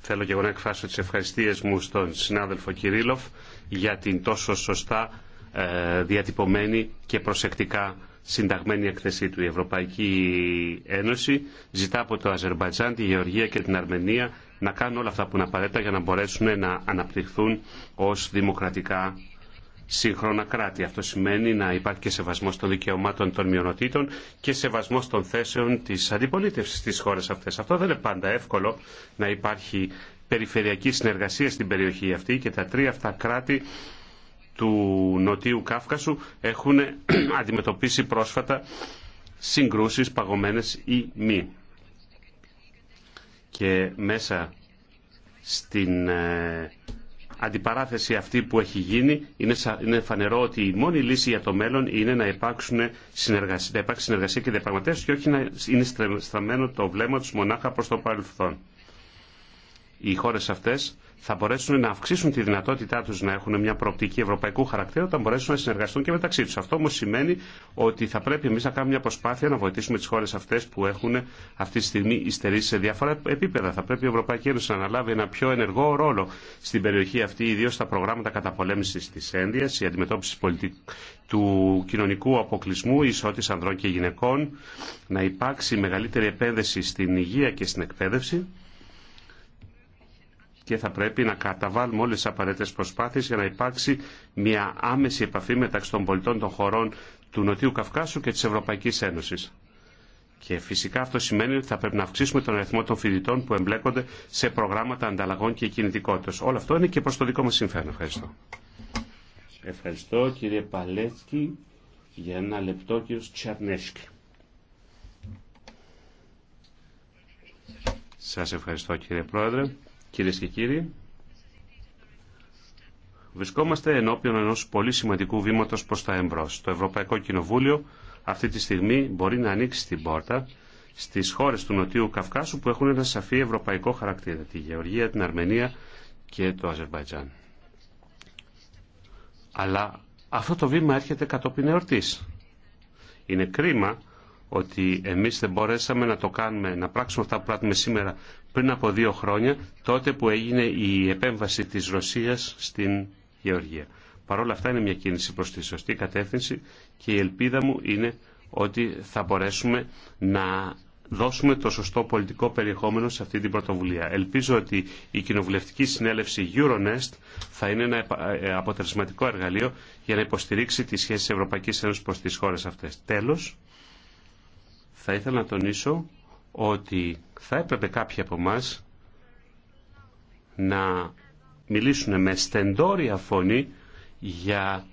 Θέλω και εγώ να εκφράσω τις ευχαριστίες μου στον συνάδελφο Κυρίλοφ για την τόσο σωστά ε, διατυπωμένη και προσεκτικά συνταγμένη εκθεσή του. Η Ευρωπαϊκή Ένωση ζητά από το Αζερμπαϊτζάν, τη Γεωργία και την Αρμενία να κάνουν όλα αυτά που είναι απαραίτητα για να μπορέσουν να αναπτυχθούν ως δημοκρατικά σύγχρονα κράτη. Αυτό σημαίνει να υπάρχει και σεβασμό των δικαιωμάτων των μειονοτήτων και σεβασμό των θέσεων τη αντιπολίτευση στι χώρε αυτέ. Αυτό δεν είναι πάντα εύκολο να υπάρχει περιφερειακή συνεργασία στην περιοχή αυτή και τα τρία αυτά κράτη του Νοτίου Κάφκασου έχουν αντιμετωπίσει πρόσφατα συγκρούσεις παγωμένες ή μη. Και μέσα στην ε, αντιπαράθεση αυτή που έχει γίνει, είναι, φανερό ότι η μόνη λύση για το μέλλον είναι να, υπάρξουν συνεργασία, να υπάρξει συνεργασία και διαπραγματεύσει και όχι να είναι στραμμένο το βλέμμα του μονάχα προ το παρελθόν. Οι χώρε αυτέ θα μπορέσουν να αυξήσουν τη δυνατότητά του να έχουν μια προοπτική ευρωπαϊκού χαρακτήρα όταν μπορέσουν να συνεργαστούν και μεταξύ του. Αυτό όμω σημαίνει ότι θα πρέπει εμεί να κάνουμε μια προσπάθεια να βοηθήσουμε τι χώρε αυτέ που έχουν αυτή τη στιγμή υστερήσει σε διάφορα επίπεδα. Θα πρέπει η Ευρωπαϊκή Ένωση να αναλάβει ένα πιο ενεργό ρόλο στην περιοχή αυτή, ιδίω στα προγράμματα καταπολέμηση τη ένδυα, η αντιμετώπιση του κοινωνικού αποκλεισμού, ανδρών και γυναικών, να υπάρξει μεγαλύτερη επένδυση στην υγεία και στην εκπαίδευση και θα πρέπει να καταβάλουμε όλες τις απαραίτητες προσπάθειες για να υπάρξει μια άμεση επαφή μεταξύ των πολιτών των χωρών του Νοτιού Καυκάσου και της Ευρωπαϊκής Ένωσης. Και φυσικά αυτό σημαίνει ότι θα πρέπει να αυξήσουμε τον αριθμό των φοιτητών που εμπλέκονται σε προγράμματα ανταλλαγών και κινητικότητα. Όλο αυτό είναι και προ το δικό μα συμφέρον. Ευχαριστώ. Ευχαριστώ κύριε Παλέτσκι. Για ένα λεπτό κύριο Τσαρνέσκι. Σας ευχαριστώ κύριε Πρόεδρε. Κυρίε και κύριοι, βρισκόμαστε ενώπιον ενό πολύ σημαντικού βήματο προ τα εμπρό. Το Ευρωπαϊκό Κοινοβούλιο αυτή τη στιγμή μπορεί να ανοίξει την πόρτα στι χώρε του Νοτιού Καυκάσου που έχουν ένα σαφή ευρωπαϊκό χαρακτήρα, τη Γεωργία, την Αρμενία και το Αζερβαϊτζάν. Αλλά αυτό το βήμα έρχεται κατόπιν εορτής. Είναι κρίμα ότι εμείς δεν μπορέσαμε να το κάνουμε, να πράξουμε αυτά που πράττουμε σήμερα πριν από δύο χρόνια, τότε που έγινε η επέμβαση της Ρωσίας στην Γεωργία. Παρ' όλα αυτά είναι μια κίνηση προς τη σωστή κατεύθυνση και η ελπίδα μου είναι ότι θα μπορέσουμε να δώσουμε το σωστό πολιτικό περιεχόμενο σε αυτή την πρωτοβουλία. Ελπίζω ότι η κοινοβουλευτική συνέλευση Euronest θα είναι ένα ε, αποτελεσματικό εργαλείο για να υποστηρίξει τις σχέσεις Ευρωπαϊκής Ένωσης προς τις χώρες αυτές. Τέλος, θα ήθελα να τονίσω ότι θα έπρεπε κάποιοι από εμά να μιλήσουν με στεντόρια φωνή για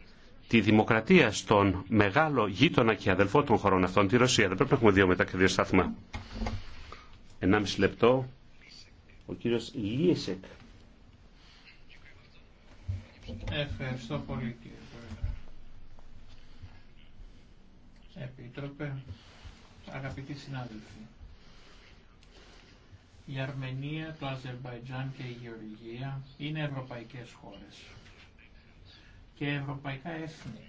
τη δημοκρατία στον μεγάλο γείτονα και αδελφό των χωρών αυτών, τη Ρωσία. Δεν πρέπει να έχουμε δύο μετά και δύο σταθμά. Ενάμιση λεπτό. Ο κύριος Λίεσεκ. Ευχαριστώ πολύ κύριε Πρόεδρε. Επίτροπε, αγαπητοί συνάδελφοι. Η Αρμενία, το Αζερβαϊτζάν και η Γεωργία είναι ευρωπαϊκές χώρες και ευρωπαϊκά έθνη.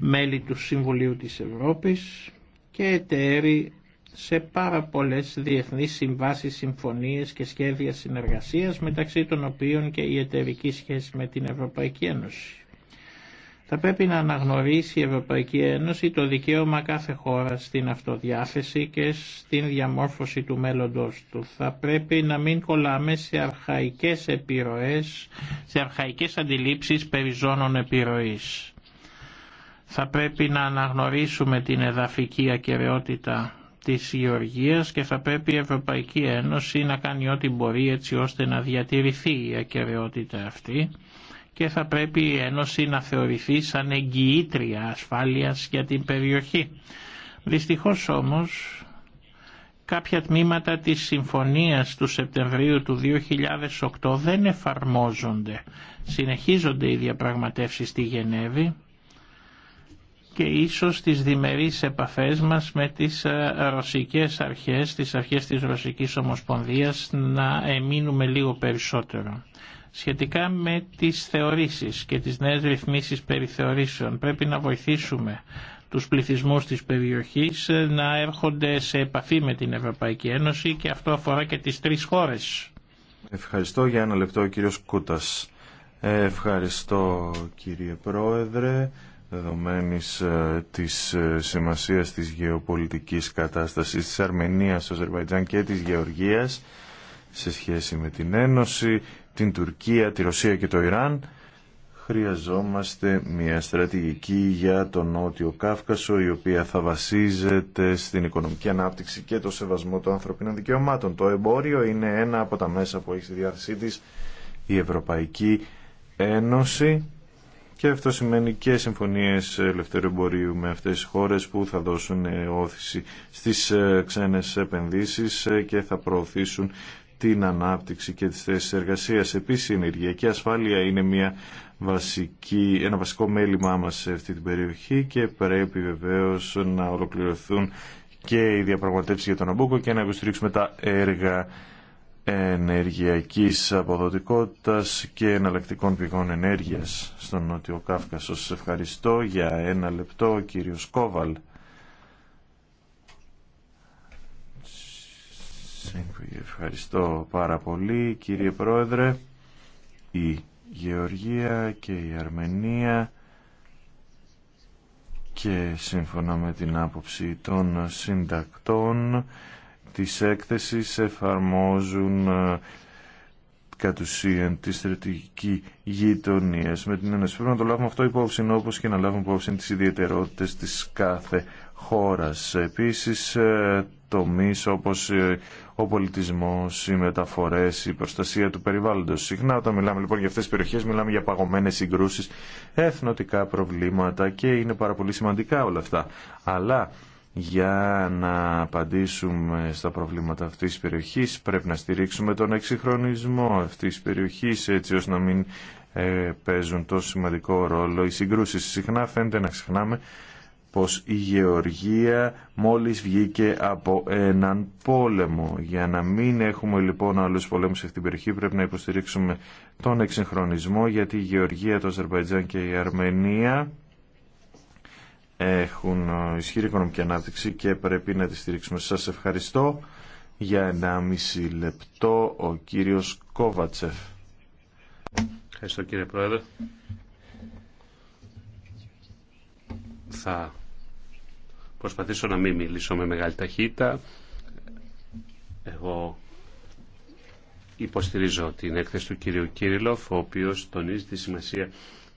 Μέλη του Συμβουλίου της Ευρώπης και εταίροι σε πάρα πολλές διεθνείς συμβάσεις, συμφωνίες και σχέδια συνεργασίας μεταξύ των οποίων και η εταιρική σχέση με την Ευρωπαϊκή Ένωση. Θα πρέπει να αναγνωρίσει η Ευρωπαϊκή Ένωση το δικαίωμα κάθε χώρα στην αυτοδιάθεση και στην διαμόρφωση του μέλλοντος του. Θα πρέπει να μην κολλάμε σε αρχαϊκές επιρροές, σε αρχαϊκές αντιλήψεις περιζώνων επιρροής. Θα πρέπει να αναγνωρίσουμε την εδαφική ακαιρεότητα της Γεωργίας και θα πρέπει η Ευρωπαϊκή Ένωση να κάνει ό,τι μπορεί έτσι ώστε να διατηρηθεί η ακαιρεότητα αυτή και θα πρέπει η Ένωση να θεωρηθεί σαν εγγυήτρια ασφάλειας για την περιοχή. Δυστυχώς όμως κάποια τμήματα της συμφωνίας του Σεπτεμβρίου του 2008 δεν εφαρμόζονται. Συνεχίζονται οι διαπραγματεύσεις στη Γενέβη και ίσως τις διμερείς επαφές μας με τις ε, ρωσικές αρχές, τις αρχές της Ρωσικής Ομοσπονδίας να εμείνουμε λίγο περισσότερο. Σχετικά με τις θεωρήσεις και τις νέες ρυθμίσεις θεωρήσεων. πρέπει να βοηθήσουμε τους πληθυσμούς της περιοχής να έρχονται σε επαφή με την Ευρωπαϊκή Ένωση και αυτό αφορά και τις τρεις χώρες. Ευχαριστώ για ένα λεπτό ο κύριος Κούτας. Ευχαριστώ κύριε Πρόεδρε δεδομένης ε, της ε, σημασίας της γεωπολιτικής κατάστασης της Αρμενίας, Αζερβαϊτζάν και της Γεωργίας σε σχέση με την Ένωση την Τουρκία, τη Ρωσία και το Ιράν, χρειαζόμαστε μια στρατηγική για τον Νότιο Κάφκασο η οποία θα βασίζεται στην οικονομική ανάπτυξη και το σεβασμό των ανθρωπίνων δικαιωμάτων. Το εμπόριο είναι ένα από τα μέσα που έχει στη διάθεσή της η Ευρωπαϊκή Ένωση και αυτό σημαίνει και συμφωνίες ελευθερου εμπορίου με αυτές τις χώρες που θα δώσουν όθηση στις ε, ξένες επενδύσεις ε, και θα προωθήσουν την ανάπτυξη και τις θέσεις εργασίας. Επίσης η ενεργειακή ασφάλεια είναι μια βασική, ένα βασικό μέλημά μας σε αυτή την περιοχή και πρέπει βεβαίως να ολοκληρωθούν και οι διαπραγματεύσεις για τον Αμπούκο και να υποστηρίξουμε τα έργα ενεργειακής αποδοτικότητας και εναλλακτικών πηγών ενέργειας στον Νότιο Κάφκασο. Σας ευχαριστώ για ένα λεπτό κύριο Σκόβαλ. Ευχαριστώ πάρα πολύ κύριε Πρόεδρε. Η Γεωργία και η Αρμενία και σύμφωνα με την άποψη των συντακτών της έκθεσης εφαρμόζουν ε, κατ' ουσίαν τη στρατηγική γειτονία με την Ένωση. να το λάβουμε αυτό υπόψη, όπως και να λάβουμε υπόψη τις ιδιαιτερότητε της κάθε χώρα. το ε, τομεί όπως ε, ο πολιτισμό, οι μεταφορές, η προστασία του περιβάλλοντος. Συχνά όταν μιλάμε λοιπόν για αυτέ τις περιοχές μιλάμε για παγωμένες συγκρούσεις, εθνοτικά προβλήματα και είναι πάρα πολύ σημαντικά όλα αυτά. Αλλά για να απαντήσουμε στα προβλήματα αυτής της περιοχής πρέπει να στηρίξουμε τον εξυγχρονισμό αυτής της περιοχής έτσι ώστε να μην ε, παίζουν τόσο σημαντικό ρόλο οι συγκρούσεις. Συχνά φαίνεται να ξεχνάμε πως η Γεωργία μόλις βγήκε από έναν πόλεμο. Για να μην έχουμε λοιπόν άλλους πολέμους σε αυτήν την περιοχή πρέπει να υποστηρίξουμε τον εξυγχρονισμό γιατί η Γεωργία, το Αζερβαϊτζάν και η Αρμενία έχουν ισχυρή οικονομική ανάπτυξη και πρέπει να τη στηρίξουμε. Σας ευχαριστώ για 1,5 λεπτό ο κύριος Κόβατσεφ. Ευχαριστώ κύριε Πρόεδρε. Θα προσπαθήσω να μην μιλήσω με μεγάλη ταχύτητα. Εγώ υποστηρίζω την έκθεση του κυρίου Κύριλοφ, ο οποίος τονίζει τη σημασία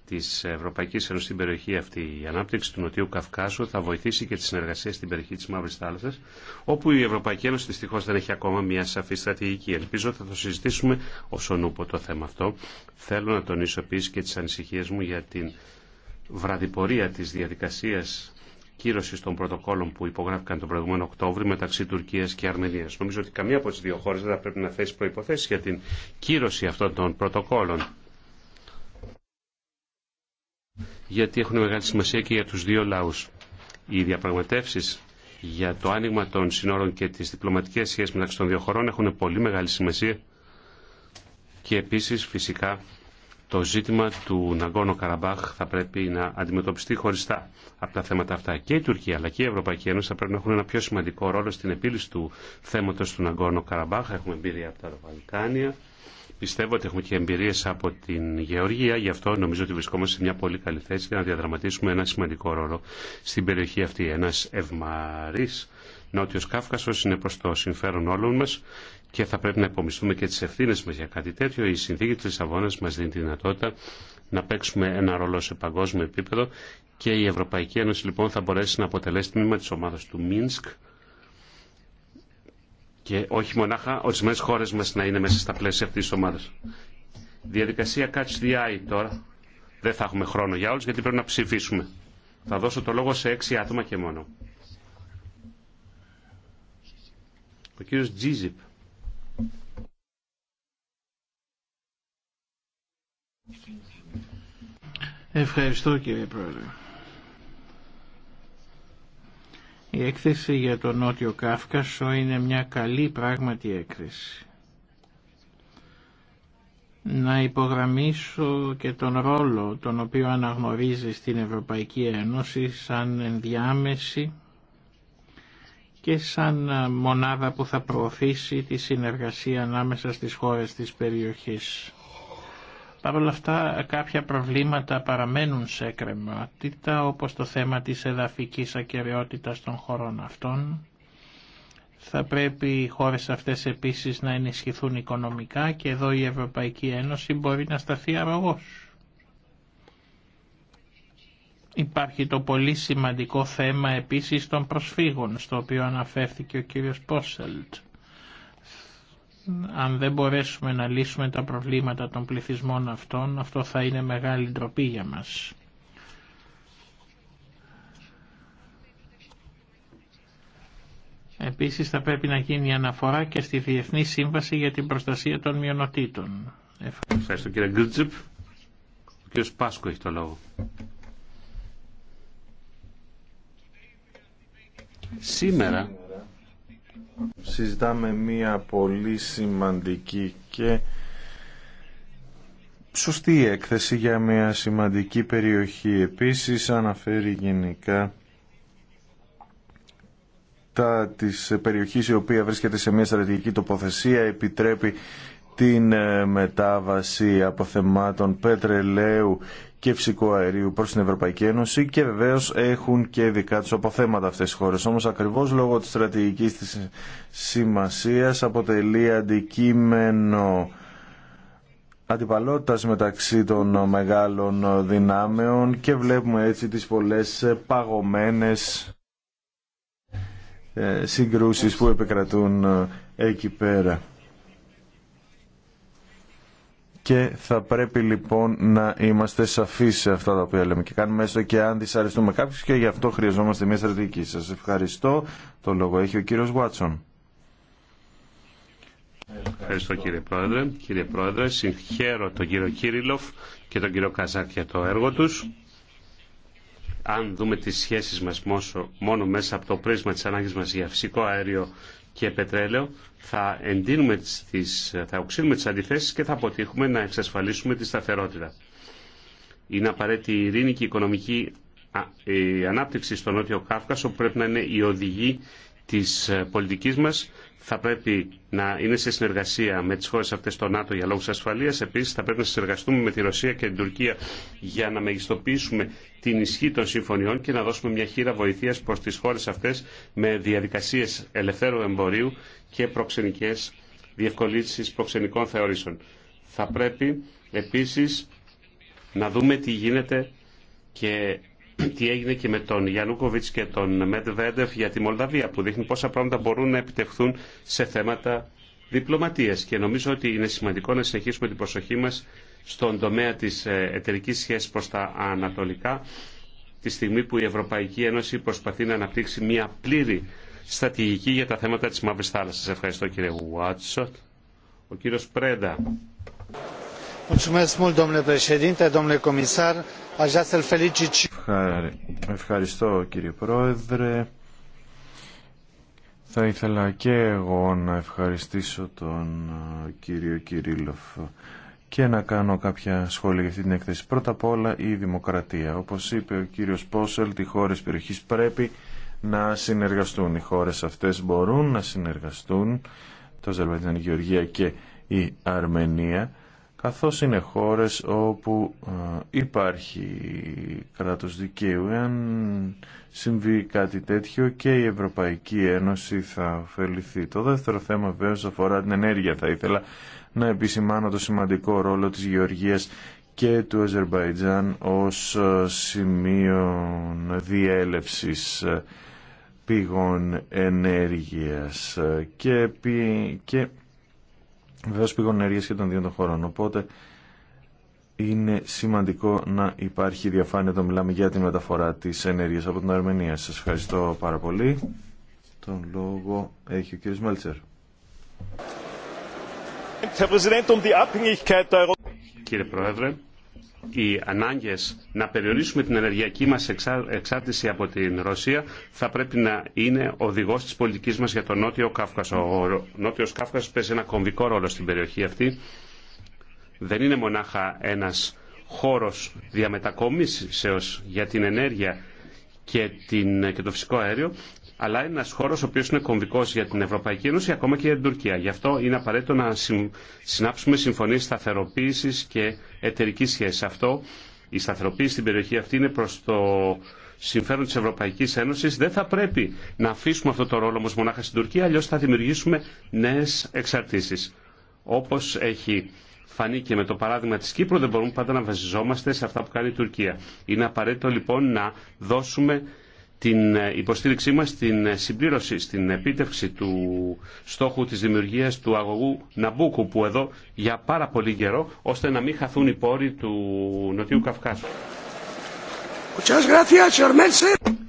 της Ευρωπαϊκής Ένωσης στην περιοχή αυτή. Η ανάπτυξη του Νοτιού Καυκάσου θα βοηθήσει και τη συνεργασία στην περιοχή της Μαύρης Θάλασσας, όπου η Ευρωπαϊκή Ένωση δυστυχώς δεν έχει ακόμα μια σαφή στρατηγική. Ελπίζω θα το συζητήσουμε όσον ούπο το θέμα αυτό. Θέλω να τονίσω επίση και τι ανησυχίε μου για την βραδιπορία της διαδικασίας κύρωση των πρωτοκόλων που υπογράφηκαν τον προηγούμενο Οκτώβριο μεταξύ Τουρκία και Αρμενία. Νομίζω ότι καμία από τι δύο χώρε δεν θα πρέπει να θέσει προποθέσει για την κύρωση αυτών των πρωτοκόλων. Γιατί έχουν μεγάλη σημασία και για του δύο λαού. Οι διαπραγματεύσει για το άνοιγμα των συνόρων και τι διπλωματικέ σχέσει μεταξύ των δύο χωρών έχουν πολύ μεγάλη σημασία και επίση φυσικά το ζήτημα του Ναγκόνο Καραμπάχ θα πρέπει να αντιμετωπιστεί χωριστά από τα θέματα αυτά. Και η Τουρκία αλλά και η Ευρωπαϊκή Ένωση θα πρέπει να έχουν ένα πιο σημαντικό ρόλο στην επίλυση του θέματο του Ναγκόνο Καραμπάχ. Έχουμε εμπειρία από τα Βαλκάνια. Πιστεύω ότι έχουμε και εμπειρίε από την Γεωργία. Γι' αυτό νομίζω ότι βρισκόμαστε σε μια πολύ καλή θέση για να διαδραματίσουμε ένα σημαντικό ρόλο στην περιοχή αυτή. Ένα ευμαρή Νότιο Κάφκασο είναι προ το συμφέρον όλων μα και θα πρέπει να υπομισθούμε και τις ευθύνες μας για κάτι τέτοιο. Η συνθήκη της Λισαβόνας μας δίνει τη δυνατότητα να παίξουμε ένα ρόλο σε παγκόσμιο επίπεδο και η Ευρωπαϊκή Ένωση λοιπόν θα μπορέσει να αποτελέσει τμήμα της ομάδας του Μίνσκ και όχι μονάχα ορισμένες χώρες μας να είναι μέσα στα πλαίσια αυτής της ομάδας. Διαδικασία catch the eye τώρα. Δεν θα έχουμε χρόνο για όλους γιατί πρέπει να ψηφίσουμε. Θα δώσω το λόγο σε έξι άτομα και μόνο. Ο κύριο Τζίζιπ. Ευχαριστώ κύριε Πρόεδρε. Η έκθεση για τον Νότιο Κάφκασο είναι μια καλή πράγματι έκθεση. Να υπογραμμίσω και τον ρόλο τον οποίο αναγνωρίζει στην Ευρωπαϊκή Ένωση σαν ενδιάμεση και σαν μονάδα που θα προωθήσει τη συνεργασία ανάμεσα στις χώρες της περιοχής. Παρ' όλα αυτά κάποια προβλήματα παραμένουν σε κρεμότητα όπως το θέμα της εδαφικής ακαιρεότητας των χωρών αυτών. Θα πρέπει οι χώρες αυτές επίσης να ενισχυθούν οικονομικά και εδώ η Ευρωπαϊκή Ένωση μπορεί να σταθεί αρρωγός. Υπάρχει το πολύ σημαντικό θέμα επίσης των προσφύγων, στο οποίο αναφέρθηκε ο κύριος Πόσελτ αν δεν μπορέσουμε να λύσουμε τα προβλήματα των πληθυσμών αυτών, αυτό θα είναι μεγάλη ντροπή για μας. Επίσης θα πρέπει να γίνει αναφορά και στη Διεθνή Σύμβαση για την Προστασία των Μειονοτήτων. Ευχαριστώ κύριε Γκρτζιπ. Ο κύριος Πάσκο έχει το λόγο. Σήμερα Συζητάμε μία πολύ σημαντική και σωστή έκθεση για μια σημαντική περιοχή. Επίσης αναφέρει γενικά τα της περιοχής η οποία βρίσκεται σε μια στρατηγική τοποθεσία επιτρέπει την ε, μετάβαση αποθεμάτων πετρελαίου και φυσικού αερίου προς την Ευρωπαϊκή Ένωση και βεβαίως έχουν και δικά τους αποθέματα αυτές οι χώρες. Όμως ακριβώς λόγω της στρατηγικής της σημασίας αποτελεί αντικείμενο αντιπαλότητας μεταξύ των μεγάλων δυνάμεων και βλέπουμε έτσι τις πολλές παγωμένες ε, συγκρούσεις που επικρατούν ε, εκεί πέρα. Και θα πρέπει λοιπόν να είμαστε σαφείς σε αυτά τα οποία λέμε και κάνουμε έστω και αν δυσαρεστούμε κάποιους και γι' αυτό χρειαζόμαστε μια στρατηγική. Σας ευχαριστώ. Το λόγο έχει ο κύριος Βάτσον. Ευχαριστώ. κύριε Πρόεδρε. Κύριε Πρόεδρε, συγχαίρω τον κύριο Κύριλοφ και τον κύριο Καζάκ για το έργο τους. Αν δούμε τις σχέσεις μας μόνο μέσα από το πρίσμα της ανάγκης μας για φυσικό αέριο και πετρέλαιο θα εντείνουμε τις, θα οξύνουμε τις αντιθέσεις και θα αποτύχουμε να εξασφαλίσουμε τη σταθερότητα. Είναι απαραίτητη η ειρήνη και η οικονομική ανάπτυξη στον Νότιο Κάφκασο που πρέπει να είναι η οδηγή της ε, πολιτικής μας θα πρέπει να είναι σε συνεργασία με τις χώρες αυτές στο ΝΑΤΟ για λόγους ασφαλείας. Επίσης θα πρέπει να συνεργαστούμε με τη Ρωσία και την Τουρκία για να μεγιστοποιήσουμε την ισχύ των συμφωνιών και να δώσουμε μια χείρα βοηθείας προς τις χώρες αυτές με διαδικασίες ελευθέρου εμπορίου και προξενικές διευκολύνσεις προξενικών θεωρήσεων. Θα πρέπει επίσης να δούμε τι γίνεται και τι έγινε και με τον Γιανούκοβιτ και τον Μετβέντεφ για τη Μολδαβία που δείχνει πόσα πράγματα μπορούν να επιτευχθούν σε θέματα διπλωματίας και νομίζω ότι είναι σημαντικό να συνεχίσουμε την προσοχή μας στον τομέα της ε, εταιρική σχέσης προς τα ανατολικά τη στιγμή που η Ευρωπαϊκή Ένωση προσπαθεί να αναπτύξει μια πλήρη στρατηγική για τα θέματα της Μαύρης Θάλασσας. Ευχαριστώ κύριε Βουάτσοτ. Ο κύριος Πρέντα. Ευχαριστώ κύριε Πρόεδρε. Θα ήθελα και εγώ να ευχαριστήσω τον ε, κύριο Κυρίλοφ και να κάνω κάποια σχόλια για αυτή την έκθεση. Πρώτα απ' όλα η δημοκρατία. Όπως είπε ο κύριος Πόσελ, οι χώρες περιοχής πρέπει να συνεργαστούν. Οι χώρες αυτές μπορούν να συνεργαστούν, το Ζερβαϊτζάν, Γεωργία και η Αρμενία καθώς είναι χώρες όπου ε, υπάρχει κράτος δικαίου. Εάν συμβεί κάτι τέτοιο και η Ευρωπαϊκή Ένωση θα ωφεληθεί. Το δεύτερο θέμα βέβαια αφορά την ενέργεια. Θα ήθελα να επισημάνω το σημαντικό ρόλο της Γεωργίας και του Αζερβαϊτζάν ως ε, σημείο διέλευσης ε, πηγών ενέργειας και, και Βεβαίω πήγαν ενέργειας και των δύο των χωρών. Οπότε είναι σημαντικό να υπάρχει διαφάνεια όταν μιλάμε για τη μεταφορά τη ενέργεια από την Αρμενία. Σα ευχαριστώ πάρα πολύ. Τον λόγο έχει ο κ. Μέλτσερ. Um Κύριε Πρόεδρε, οι ανάγκες να περιορίσουμε την ενεργειακή μας εξάρτηση από την Ρωσία θα πρέπει να είναι οδηγός της πολιτικής μας για τον Νότιο Κάφκασο. Ο Νότιος Κάφκασος παίζει ένα κομβικό ρόλο στην περιοχή αυτή. Δεν είναι μονάχα ένας χώρος διαμετακόμισης για την ενέργεια και το φυσικό αέριο αλλά είναι ένα χώρο ο οποίο είναι κομβικό για την Ευρωπαϊκή Ένωση ακόμα και για την Τουρκία. Γι' αυτό είναι απαραίτητο να συνάψουμε συμφωνίε σταθεροποίηση και εταιρική σχέση. Αυτό η σταθεροποίηση στην περιοχή αυτή είναι προ το συμφέρον τη Ευρωπαϊκή Ένωση. Δεν θα πρέπει να αφήσουμε αυτό το ρόλο όμω μονάχα στην Τουρκία, αλλιώ θα δημιουργήσουμε νέε εξαρτήσει. Όπω έχει φανεί και με το παράδειγμα της Κύπρου, δεν μπορούμε πάντα να βασιζόμαστε σε αυτά που κάνει η Τουρκία. Είναι απαραίτητο λοιπόν να δώσουμε την ε, υποστήριξή μας στην ε, συμπλήρωση, στην επίτευξη του στόχου της δημιουργίας του αγωγού Ναμπούκου που εδώ για πάρα πολύ καιρό ώστε να μην χαθούν οι πόροι του Νοτιού Καυκάσου.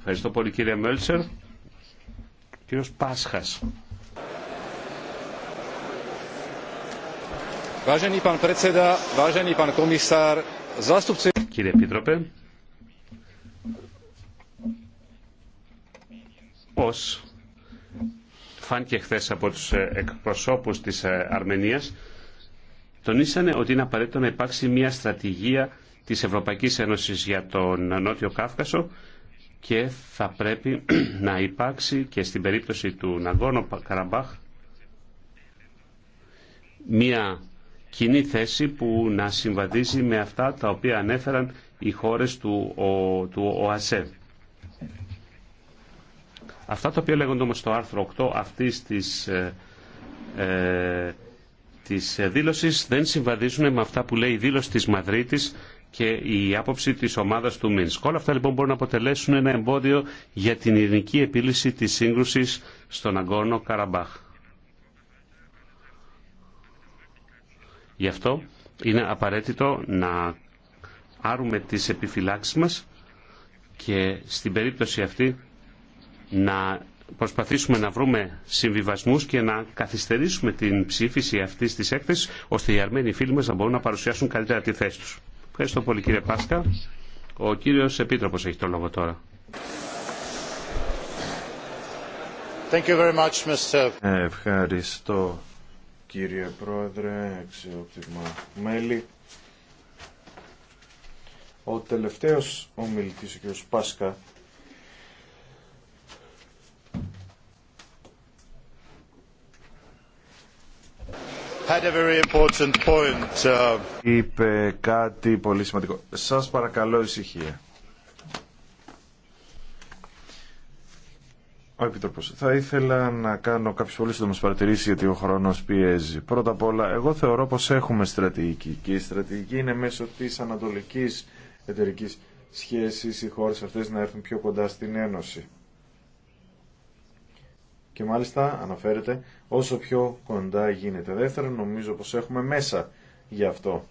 Ευχαριστώ πολύ κύριε Μέλσερ. Κύριος Πάσχας. Κύριε Επίτροπε, Όπως φάνηκε χθε από τους ε, εκπροσώπους της ε, Αρμενίας, τονίσανε ότι είναι απαραίτητο να υπάρξει μια στρατηγία της Ευρωπαϊκής Ένωσης για τον Νότιο Κάφκασο και θα πρέπει να υπάρξει και στην περίπτωση του Ναγκόνο Καραμπάχ μια κοινή θέση που να συμβαδίζει με αυτά τα οποία ανέφεραν οι χώρες του, του ΟΑΣΕ. Αυτά τα οποία λέγονται όμως στο άρθρο 8 αυτής της, ε, ε, της δήλωσης δεν συμβαδίζουν με αυτά που λέει η δήλωση της Μαδρίτης και η άποψη της ομάδας του Μίνσκ. Όλα αυτά λοιπόν μπορούν να αποτελέσουν ένα εμπόδιο για την ειρηνική επίλυση της σύγκρουσης στον Αγκόνο Καραμπάχ. Γι' αυτό είναι απαραίτητο να άρουμε τις επιφυλάξεις μας και στην περίπτωση αυτή να προσπαθήσουμε να βρούμε συμβιβασμούς και να καθυστερήσουμε την ψήφιση αυτής της έκθεσης ώστε οι αρμένοι φίλοι μας να μπορούν να παρουσιάσουν καλύτερα τη θέση τους. Ευχαριστώ πολύ κύριε Πάσκα. Ο κύριος Επίτροπος έχει το λόγο τώρα. Ευχαριστώ κύριε Πρόεδρε, αξιόπτυγμα μέλη. Ο τελευταίος ομιλητής, ο κύριος Πάσκα, Uh, Είπε κάτι πολύ σημαντικό. Σας παρακαλώ ησυχία. Ο Επίτροπος, θα ήθελα να κάνω κάποιες πολύ σύντομες παρατηρήσεις γιατί ο χρόνος πιέζει. Πρώτα απ' όλα, εγώ θεωρώ πως έχουμε στρατηγική και η στρατηγική είναι μέσω της ανατολικής εταιρικής σχέσης οι χώρες αυτές να έρθουν πιο κοντά στην Ένωση και μάλιστα αναφέρεται όσο πιο κοντά γίνεται. Δεύτερον, νομίζω πως έχουμε μέσα για αυτό.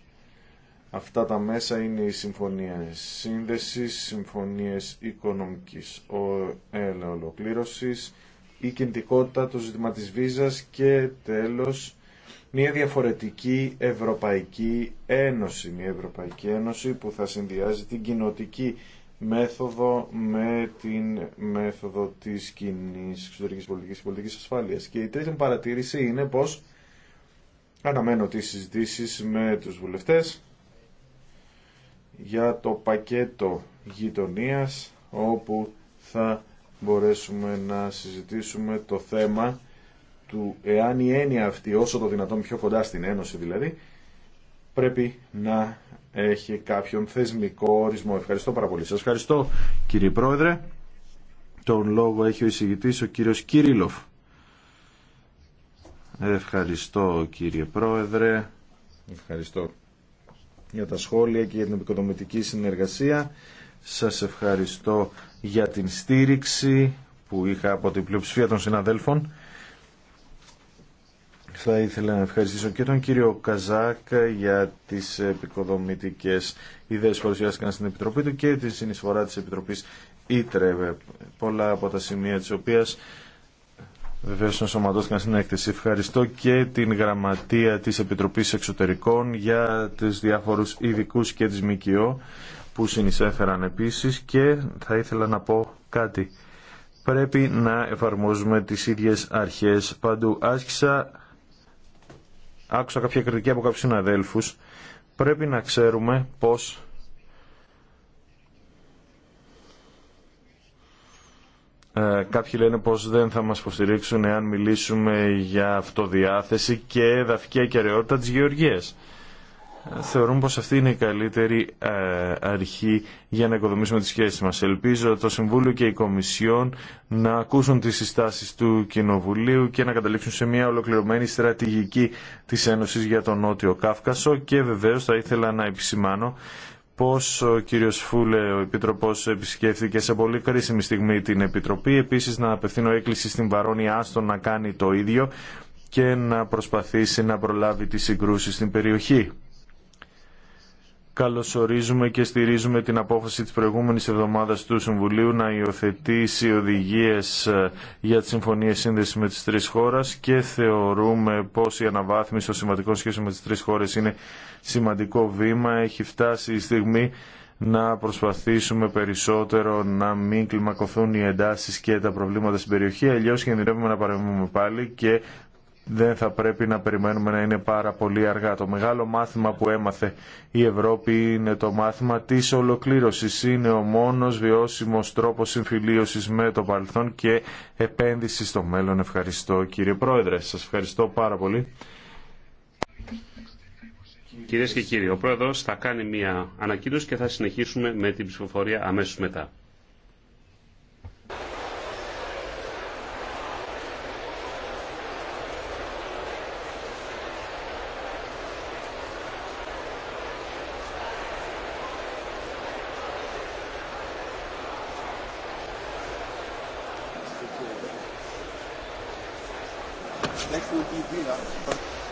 Αυτά τα μέσα είναι οι συμφωνίες σύνδεσης, συμφωνίες οικονομικής ε, ολοκλήρωσης, η κινητικότητα, το ζήτημα της βίζας και τέλος μια διαφορετική Ευρωπαϊκή Ένωση. Μια Ευρωπαϊκή Ένωση που θα συνδυάζει την κοινοτική μέθοδο με την μέθοδο της κοινή πολιτική και πολιτική ασφάλειας. Και η τρίτη μου παρατήρηση είναι πως αναμένω τις συζητήσεις με τους βουλευτές για το πακέτο γειτονία όπου θα μπορέσουμε να συζητήσουμε το θέμα του εάν η έννοια αυτή όσο το δυνατόν πιο κοντά στην Ένωση δηλαδή πρέπει να έχει κάποιον θεσμικό ορισμό. Ευχαριστώ πάρα πολύ. Σας ευχαριστώ κύριε Πρόεδρε. Τον λόγο έχει ο εισηγητής ο κύριος Κύριλοφ. Ευχαριστώ κύριε Πρόεδρε. Ευχαριστώ για τα σχόλια και για την επικοδομητική συνεργασία. Σας ευχαριστώ για την στήριξη που είχα από την πλειοψηφία των συναδέλφων θα ήθελα να ευχαριστήσω και τον κύριο Καζάκ για τις επικοδομητικές ιδέες που παρουσιάστηκαν στην Επιτροπή του και τη συνεισφορά της Επιτροπής Ήτρε, πολλά από τα σημεία της οποίας Βεβαίω, ενσωματώθηκαν στην έκθεση. Ευχαριστώ και την γραμματεία τη Επιτροπή Εξωτερικών για του διάφορου ειδικού και τη ΜΚΟ που συνεισέφεραν επίση και θα ήθελα να πω κάτι. Πρέπει να εφαρμόζουμε τις ίδιες αρχές παντού. Άσκησα άκουσα κάποια κριτική από κάποιους συναδέλφους, πρέπει να ξέρουμε πως ε, κάποιοι λένε πως δεν θα μας υποστηρίξουν εάν μιλήσουμε για αυτοδιάθεση και εδαφική αικαιρεότητα της γεωργίας θεωρούν πως αυτή είναι η καλύτερη ε, αρχή για να οικοδομήσουμε τις σχέσεις μας. Ελπίζω το Συμβούλιο και η Κομισιόν να ακούσουν τις συστάσεις του Κοινοβουλίου και να καταλήξουν σε μια ολοκληρωμένη στρατηγική της Ένωσης για τον Νότιο Κάφκασο και βεβαίως θα ήθελα να επισημάνω πως ο κύριος Φούλε, ο Επιτροπός, επισκέφθηκε σε πολύ κρίσιμη στιγμή την Επιτροπή. Επίσης να απευθύνω έκκληση στην Βαρόνια Άστον να κάνει το ίδιο και να προσπαθήσει να προλάβει τις συγκρούσεις στην περιοχή καλωσορίζουμε και στηρίζουμε την απόφαση της προηγούμενης εβδομάδας του Συμβουλίου να υιοθετήσει οδηγίες ε, για τις συμφωνίες σύνδεση με τις τρεις χώρες και θεωρούμε πως η αναβάθμιση των σημαντικών σχέσεων με τις τρεις χώρες είναι σημαντικό βήμα. Έχει φτάσει η στιγμή να προσπαθήσουμε περισσότερο να μην κλιμακωθούν οι εντάσεις και τα προβλήματα στην περιοχή, αλλιώς κινδυνεύουμε να παρεμβούμε πάλι και δεν θα πρέπει να περιμένουμε να είναι πάρα πολύ αργά. Το μεγάλο μάθημα που έμαθε η Ευρώπη είναι το μάθημα της ολοκλήρωσης. Είναι ο μόνος βιώσιμος τρόπος συμφιλίωσης με το παρελθόν και επένδυση στο μέλλον. Ευχαριστώ κύριε Πρόεδρε. Σας ευχαριστώ πάρα πολύ. Κυρίες και κύριοι, ο Πρόεδρος θα κάνει μια ανακοίνωση και θα συνεχίσουμε με την ψηφοφορία αμέσως μετά.